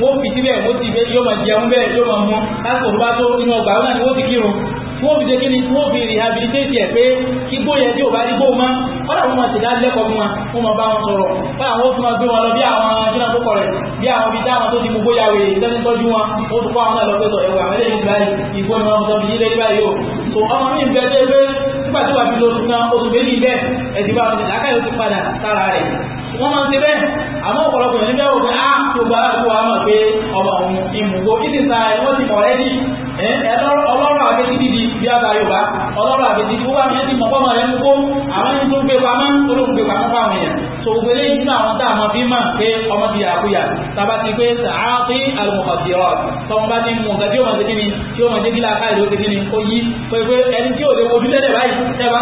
Speaker 1: wọ́n fi síbẹ̀ wọ́n ti yóò máa jẹun bẹ́ẹ̀ yóò máa mú lásìkò tó bá tó inú ọgbà náà ni wọ́n ti kírun wọ́n fi ṣe kí ni wọ́n fi rehabilitate ẹ̀ pé kí gbóyè tí ò bá rí gbóhùn máa wọ́n làwọn máa ṣèdá lẹ́kọ̀ọ́ fún wa wọ́n máa bá wọn sọ̀rọ̀ bá àwọn fún wa gbé wọn lọ bí àwọn jọ́nà tó kọ̀ bí àwọn ibi táwọn tó ti pé nígbà tí ti àmọ́ ọ̀pọ̀lọpọ̀ yẹn níbẹ̀ òkú á tó gba àkókò wa mọ̀ pé ọmọ òun ìmùgbò kí ti ta ẹ̀ wọ́n ti mọ̀ ẹ́ ní ọlọ́rọ̀ bí àbá yorùbá ọlọ́rọ̀ àbètì tí wọ́n bá yẹn ti mọ̀ fọ́mọ̀ rẹ̀ ń kó àwọn ẹni tó ń gbé pamọ́ olóhùn gbé pamọ́ fáwọn èèyàn tó gbogbo eléyìí nínú àwọn tá a mọ̀ fi mọ̀ pé ọmọ ti yàkúyà tába ti pé sàáfì àlùmọ̀kọ̀sì ọ̀ tọmọ bá ti mú nǹkan tí ó máa ṣe kí ni tí ó máa ṣe kí láàká ìlú ṣe kí ni ó yí pé pé ẹni tí ò lè wojú lẹ́lẹ̀ báyìí tẹ́ bá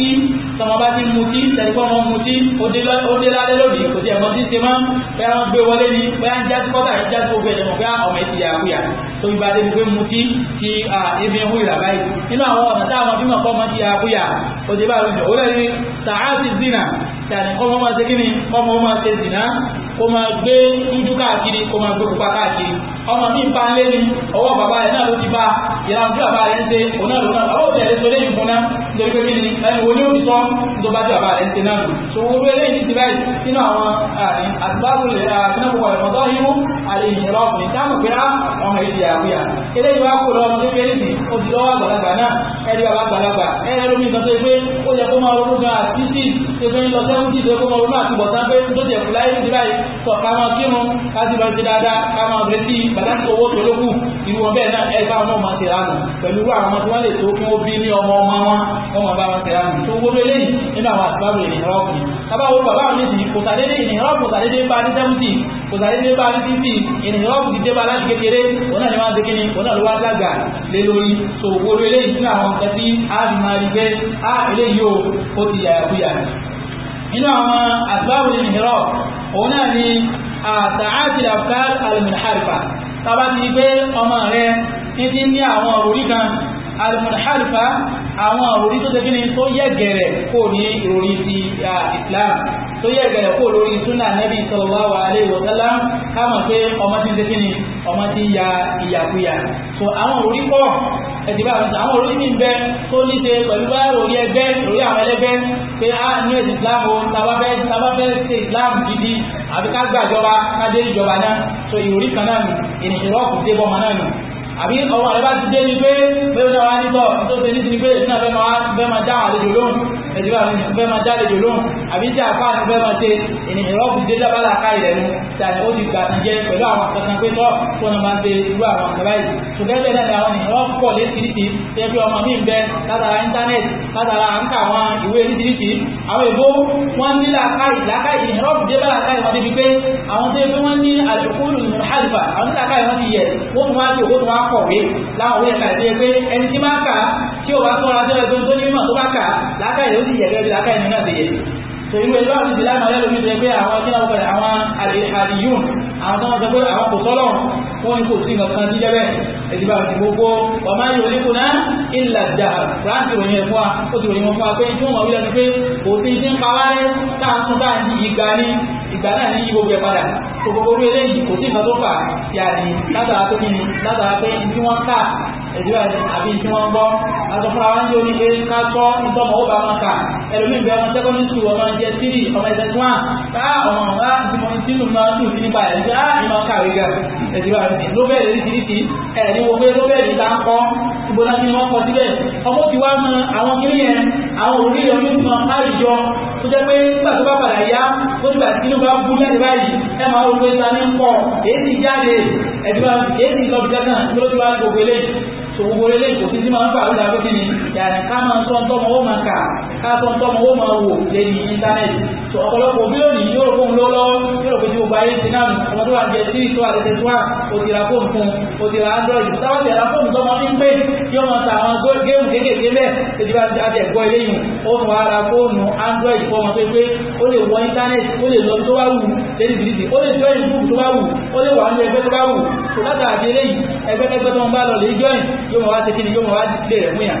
Speaker 1: ń tọmọ bá ti ń mutí tẹ̀síkọ́ ọmọ mutí ó dé lálẹ́ lónìí kò sí ẹ̀mọ́ tí ń ṣe máa ń pẹ́ àwọn gbé wọlé ni pé à ń já kọ́tà ń já gbogbo ẹ̀jẹ̀ mọ̀ pé ah, ọmọ ẹ̀ ti yà kúyà tó fi ba dé gbogbo mutí ti ebi ń húyà báyìí nínú àwọn ọ̀nà táwọn ọmọ bímọ kọ́ ti yà kúyà ó ti bá lónìí òwúrọ̀ ni zina tàbí kọ́mọ máa ṣe kí zina kó máa gbé dúdú káàkiri kó máa gbé pupa káàkiri ọmọ mi bá lé ní ọwọ́ bàbá rẹ̀ náà ló ti bá ìlànà tí bàbá rẹ̀ ń ṣe òun náà ló náà àwọn òbí ẹ̀rẹ́ tó lé ìfún náà nítorí pé kí ni ẹni wo ni ó ti sọ tó bá tí bàbá rẹ̀ ń ṣe náà lò tó wọ́n lé ní ti ṣègbè ń lọ sẹ́wọ́n ti ìdókòwò ọmọ ọdún àti bọ̀tán pé tó jẹ̀ fúláyé ti báyìí sọ ká máa kírun ká sì máa ṣe dáadáa ká máa bẹ sí bàtàkì owó tó lókù irú ọbẹ̀ náà ẹ bá wọn máa tẹ̀lé àná pẹ̀lú irú àwọn tí wọ́n lè tó fún obì ní ọmọ ọmọ wọn wọ́n máa bá wọn tẹ̀lé àná tó gbogbo eléyìí nínú àwọn àtìbáwò ènìyàn ọkùnrin tábà wo bàbá mi sì kò sàdédé ènìyàn ọkùnrin sàdédé bá ní sẹ́mùtì kò sàdédé bá ní fífì ènìyàn ọkùnrin dé bá láti kékeré òun náà ni wọ́n á dékè náà ló wá dàgbà lé lórí so gbogbo eléyìí nínú àwọn nǹkan tí a ah, eléyìí ó ti yàyà kúyà nínú àwọn àgbáwò ní ìrọ̀ òun náà ni àtàájì afkar alimunharifa tàbá ti pé ọmọ rẹ ní ní àwọn òrí kan alimunharifa àwọn òrí tó tẹ́kí ni tó yẹ̀gẹ̀rẹ̀ kò ní ìròyìn ti Islam tó yẹ̀gẹ̀rẹ̀ kò lórí súnà nẹ́bí sallallahu alaihi wa sallam ká mọ̀ pé ọmọ ti ń tẹ́kí ni ọmọ ti ya ìyàkuyà so àwọn òrí pọ̀ ẹ̀dìbà àwọn orí ní bẹ tó ní ṣe pẹ̀lú bá orí ẹgbẹ́ orí àwọn ẹlẹ́gbẹ́ pé a ní èdè Islam o tàbábẹ́ tàbábẹ́ ṣe Islam gidi àbí ká gbàjọba ká dé ìjọba náà so ìròrí kan náà nì ìrìnṣẹ́ rọ́ọ̀kù débọ̀ mọ́ náà nì àbí ọwọ́ rẹ̀ bá ti dé ní pé mẹ́rin náà wá nítọ̀ tó ṣe nítorí pé ìdí náà fẹ́ máa fẹ́ máa dá àlejò lóhùn ẹ̀dùn àmì fẹ́ máa dá àlejò lóhùn àbí tí àpá àti fẹ́ máa ṣe ènìyàn rọ́ọ̀bù dé lábàlá ká ilẹ̀ nu tàbí ó ti gbà ti jẹ pẹ̀lú àwọn kankan pé tọ́ tó náà máa ṣe irú àwọn àgbà yìí ṣùgbọ́n bẹ́ẹ̀ náà àwọn ènìyàn rọ́ọ̀bù pọ̀ létíríṣi tẹ́ bí ọmọ mi ń bẹ látara íńtánẹ́ẹ̀tì látara à ń kà àwọn ìwé létíríṣi àwọn èbó wọ́n ní làákàyè làákàyè ìrọ́ọ̀bù dé bá làákàyè wọn débi pé àwọn tó yẹ pé wọ́n ní àlùkò wọ́n tún wá sí òkú tún wá kọ̀wé láwọn òwe ẹ̀ka ìṣe pé ẹni tí máa kà tí ò bá sọ́ra tó ẹgbẹ́ tó ní mọ̀ tó bá kà lákàyè ó sì yẹ gẹ́gẹ́ bí lákàyè nínú àti yẹ. tó ìwé ìlú àti ìdílé àmọ́ ẹlẹ́lómi ṣe pé àwọn kí wọ́n pẹ̀lú àwọn àdìyún àwọn tó wọ́n sọ pé àwọn kò sọ́lọ̀ wọ́n kò sí nǹkan tí jẹ́bẹ̀ ẹ̀dìbà ti gbogbo ọmọ yìí oníkù náà ìlà dà láti ròyìn ẹ̀fọ́ ó ti ròyìn wọn fún wa pé tí wọ́n mọ̀ wílẹ̀ ni pé òfin ti ń pa wáyé káàkùn bá ń di ìgbà ni ìgbà náà ní gbogbo ẹ̀ padà gbogbo orí eléyìí kò sí nǹkan tó fà yàrá látara tó kíni látara pé ní wọ́n ká ẹ̀díwà àbí tí wọ́n gbọ́ àtọ́fúnra wá ń jẹ́ oníke ká gbọ́ ìtọ́mọ̀ ó bá máa kà ẹlòmí ìgbẹ́ ọmọ tẹ́kọ́ ní sùúrù ọmọ jẹ́ tírì ọmọ ẹ̀sẹ̀ tí wọ́n bá ọmọ ọ̀gá tí mo ti nù máa dùn sí nípa ẹ̀ já ìmọ̀ kàwé ga ẹ̀díwà ló bẹ̀rẹ̀ oríṣiríṣi ẹ̀ẹ́dínwó pé ló bẹ̀rẹ̀ ìta ń kọ́ ìgbóná tí wọ́n kọ síbẹ̀ ọmọ ti wá mọ àwọn kiri yẹn àwọn òrí ọdún kan àìyọ tó jẹ́ pé nígbà tó bá padà yá ó gbà tí ló bá bú láti báyìí ẹ máa wọ́n pé ta ní pọ̀ èyí jáde ẹ̀dùbà èyí lọ bí kankan ló ti wá gbogbo eléyìí tó gbogbo eléyìí kò sí sí máa ń fà ó dàbí kí ni yàrá ká máa sọ ọtọ́ ọmọ ó máa kà káàtọ́ntọ́mọ ó máa wò lẹ́ni íńtánẹ́ẹ̀tì tó ọ̀pọ̀lọpọ̀ mílíọ̀nù yóò fún un lọ́wọ́ yóò fún gbogbo ayé ti náà ọmọ tó wà jẹ sí ìtò àtẹ̀tẹ̀ tó wà ó ti ra fóònù fún ó ti ra android táwọn ti ra fóònù tọmọ ní pé kí ọmọ ta àwọn géèmù kéékèèké bẹ́ẹ̀ tó bá ti àti ẹ̀kọ́ ilé yìí ó tún wá fóònù android fún ọmọ tó pé ó lè wọ íńtánẹ́ẹ̀tì ó lè lọ tó wá wù lẹ́ni bìrìtì ó lè jọ ìbúkù tó bá wù ó lè wà ní ẹgbẹ́ tó bá wù tó látàdé lẹ́yìn ẹgbẹ́kẹ́gbẹ́ tó ń bá lọ lè jọyìn yóò mọ̀ wá ṣe kí ni yóò mọ̀ wá dìde rẹ̀ fún yàn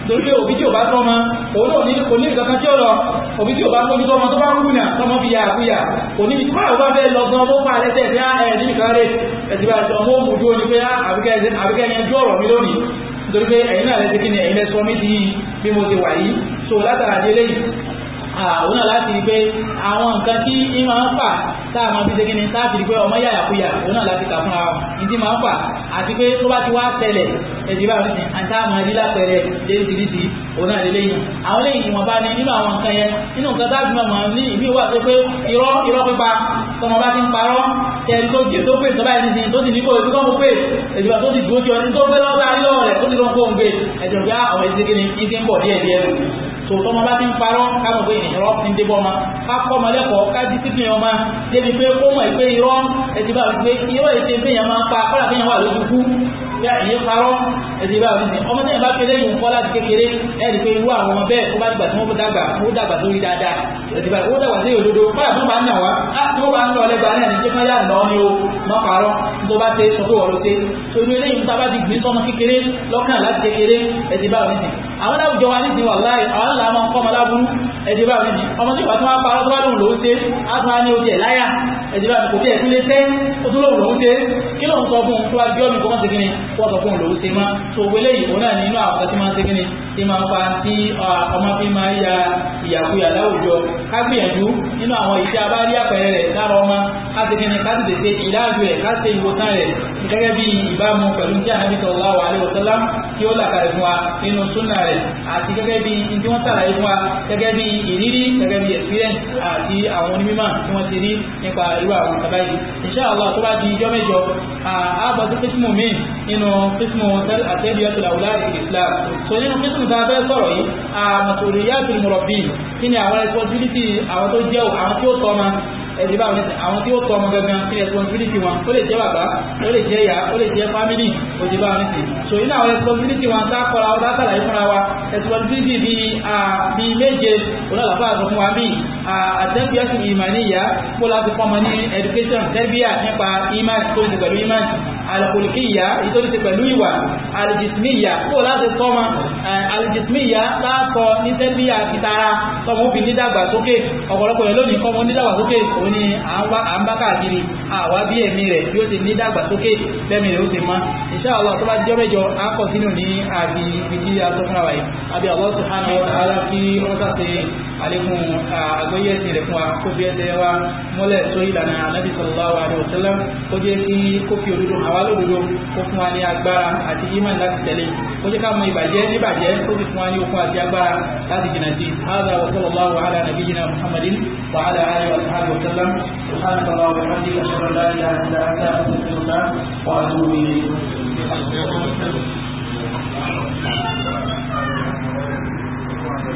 Speaker 1: torí pé òbí tí ò bá tọ́ ma òun náà ní kò ní ìkankan tí ó lọ òbí tí ò bá tọ́ mi tọ́ ma tó bá ń wùnà tọ́mọ fi yà àkúyà kò ní ìtura ò bá fẹ́ lọ gan ló fà lẹ́sẹ̀ ní ẹ̀ ní ìkan rẹ̀ ẹ̀sìn ah, bá sọ mọ́ òmùdú ó ní pé àbíkẹ́ ẹni ẹjọ́ ọ̀rọ̀ mi lónìí nítorí pé ẹ̀yin náà lẹ́sẹ̀ kí ni ẹ̀yin lẹ́sọ mi di bí mo ti wà yìí so látara di eléyìí àwọn náà láti rí pé àwọn nǹkan tí ń máa ń fà tá a máa fi segin a fi rí pé ọmọ yàyàkuyà òun náà láti kà fúnra wọn ẹ̀dí bá rẹ̀ àti àmà rí lápẹẹrẹ déríṣiríṣi òun náà lélẹ́ yìí àwọn lẹ́yìn ìwọ̀n bá ní nínú àwọn nǹkan yẹn nínú nǹkan táàbí mọ̀ ní ìmí wà tó pé irọ́ irọ́ pípa tọmọ bá ti ń parọ́ tẹ̀rí tó jẹ́ tó pè tọ́ba ẹni sin tó sì ní kó ojú kọ́mú pé èdè bá tó ti dúró jọ ní tó pé lọ́gbà yọ̀ rẹ̀ tó ti lọ́n kó ń gbé ẹ̀jọ̀ pé àwọn ẹ̀jẹ̀ kékeré ní ti ń bọ̀ díẹ̀ díẹ̀ tòótọ́ ọmọ bá ti ń parọ́ káàmù pé ìrọ́ ti ń débọ́ ma ká kọ́ ọmọ lẹ́kọ̀ọ́ ká dísípìn ọmọ débi pé ó mọ̀ pé irọ́ ẹ̀dí bá wípé irọ́ ètè ń pè yẹn pa kọ́lá fi yẹn wà lójú kú ìyẹn parọ́ ẹ̀sìn ìbá òní ọmọ tẹ́yìn bá kéré yìí ń kọ́ láti kékeré ẹ̀rì pé irú àwọn ọmọ bẹ́ẹ̀ tó bá dìgbà tí wọ́n dàgbà ó dàgbà sórí dáadáa ẹ̀sìn ìbá ó dàgbà sí òdodo fáyà tó bá ń nà wá tí wọ́n bá ń lọ lẹ́gbàá náà ní jẹ́ káyà nà ọ́ ni o mọ́ parọ́ tó bá ṣe sọ pé wọ́n ló àwọn láwùjọ wa nídìí wà láì àwọn làá máa ń kọ́mọ láburú ẹ̀dí bá mi ọmọ tí ìwà tó máa pa ọdún wàdùn lòún ṣe á tún á ní ojú ẹ̀ láyà ẹ̀dí bá mi kò tí ẹ̀ lé tẹ́ ó tún ṣe kí ìyàkúyà láwùjọ ká gbìyànjú nínú àwọn iṣẹ́ abárí àpẹẹrẹ rẹ̀ lára ọmọ ká ti kíni ká ti tètè ìlàjò rẹ̀ ká ti ìwòsàn rẹ̀ gẹ́gẹ́ bí ìbámu pẹ̀lú tí ànábì sallallahu alaihi wasallam tí ó làkàrẹ̀ fún wa nínú súnà rẹ̀ àti gẹ́gẹ́ bí ibi wọ́n sàlàyé fún wa gẹ́gẹ́ bí ìrírí gẹ́gẹ́ bí experience àti àwọn onímọ̀ tí wọ́n ti rí nípa irú àwọn kàbáyé insha Allah tó bá di ijọ́ mẹ́jọ àbọ̀ sí kísmù mi nínú kísmù àtẹ́bíọ́tò àwùlá islam so nínú kísmù tá a fẹ́ sọ̀rọ̀ yìí àmọ̀tòrìyàtò mọ̀rọ̀bì kí ni àwọn responsibility àwọn tó jẹ́ àwọn tí ó tọ́ ma ẹ̀dìbà àwọn tí ó tọ́ ọmọ gangan kí ni responsibility wọn ó lè jẹ́ bàbá ó lè jẹ́ ìyá ó lè jẹ́ family òdìbà wọn sì so inú àwọn responsibility wọn tá kọ́ra ó dá fúnra wa responsibility bíi ah, méje òun náà fún wa bíi àtẹ́bíyà sí ìmàníyà kó láti fọ́mọ ní education tẹ́bíyà nípa iman tó ti pẹ̀lú iman alkùlùkíyà tó ti pẹ̀lú ìwà alìjìsmíyà kó láti fọ́mọ eh, alìjìsmíyà látọ̀ ní tẹ́bíyà kìtara tọmọ òbí nídàgbà sókè ọ̀pọ̀lọpọ̀ yẹn lónìí kọmọ nídàgbà sókè òun ni à ń bá káàkiri àwa bí ẹ̀mí rẹ̀ bí ó ti nídàgbà sókè lẹ́mí rẹ̀ ó ti mọ́ Insha Allah tó bá jẹ́ mẹ́jọ á kọ̀ sínú ní àbí ibi tí a sọ fúnra wáyé àbí Allah subhanahu wa ta'ala kí wọ́n sàṣe àlékún àgbóyé ẹ̀sìn rẹ̀ fún wa kó wa múlẹ̀ tó ìlànà anábì sallallahu alaihi wasallam jẹ́ sí kó fi òdodo àwa fún wa ní agbára àti iman láti tẹ̀lé kó jẹ́ ká ìbàjẹ́ níbàjẹ́ kó fi fún wa ní okun àti agbára láti jìnà sí hádà wa sallallahu ala nabiyyina muhammadin wa ala alihi wa sahbihi wa sallam subhanahu wa ta'ala wa bihamdihi ashhadu an la ilaha illa anta astaghfiruka wa atubu ilayk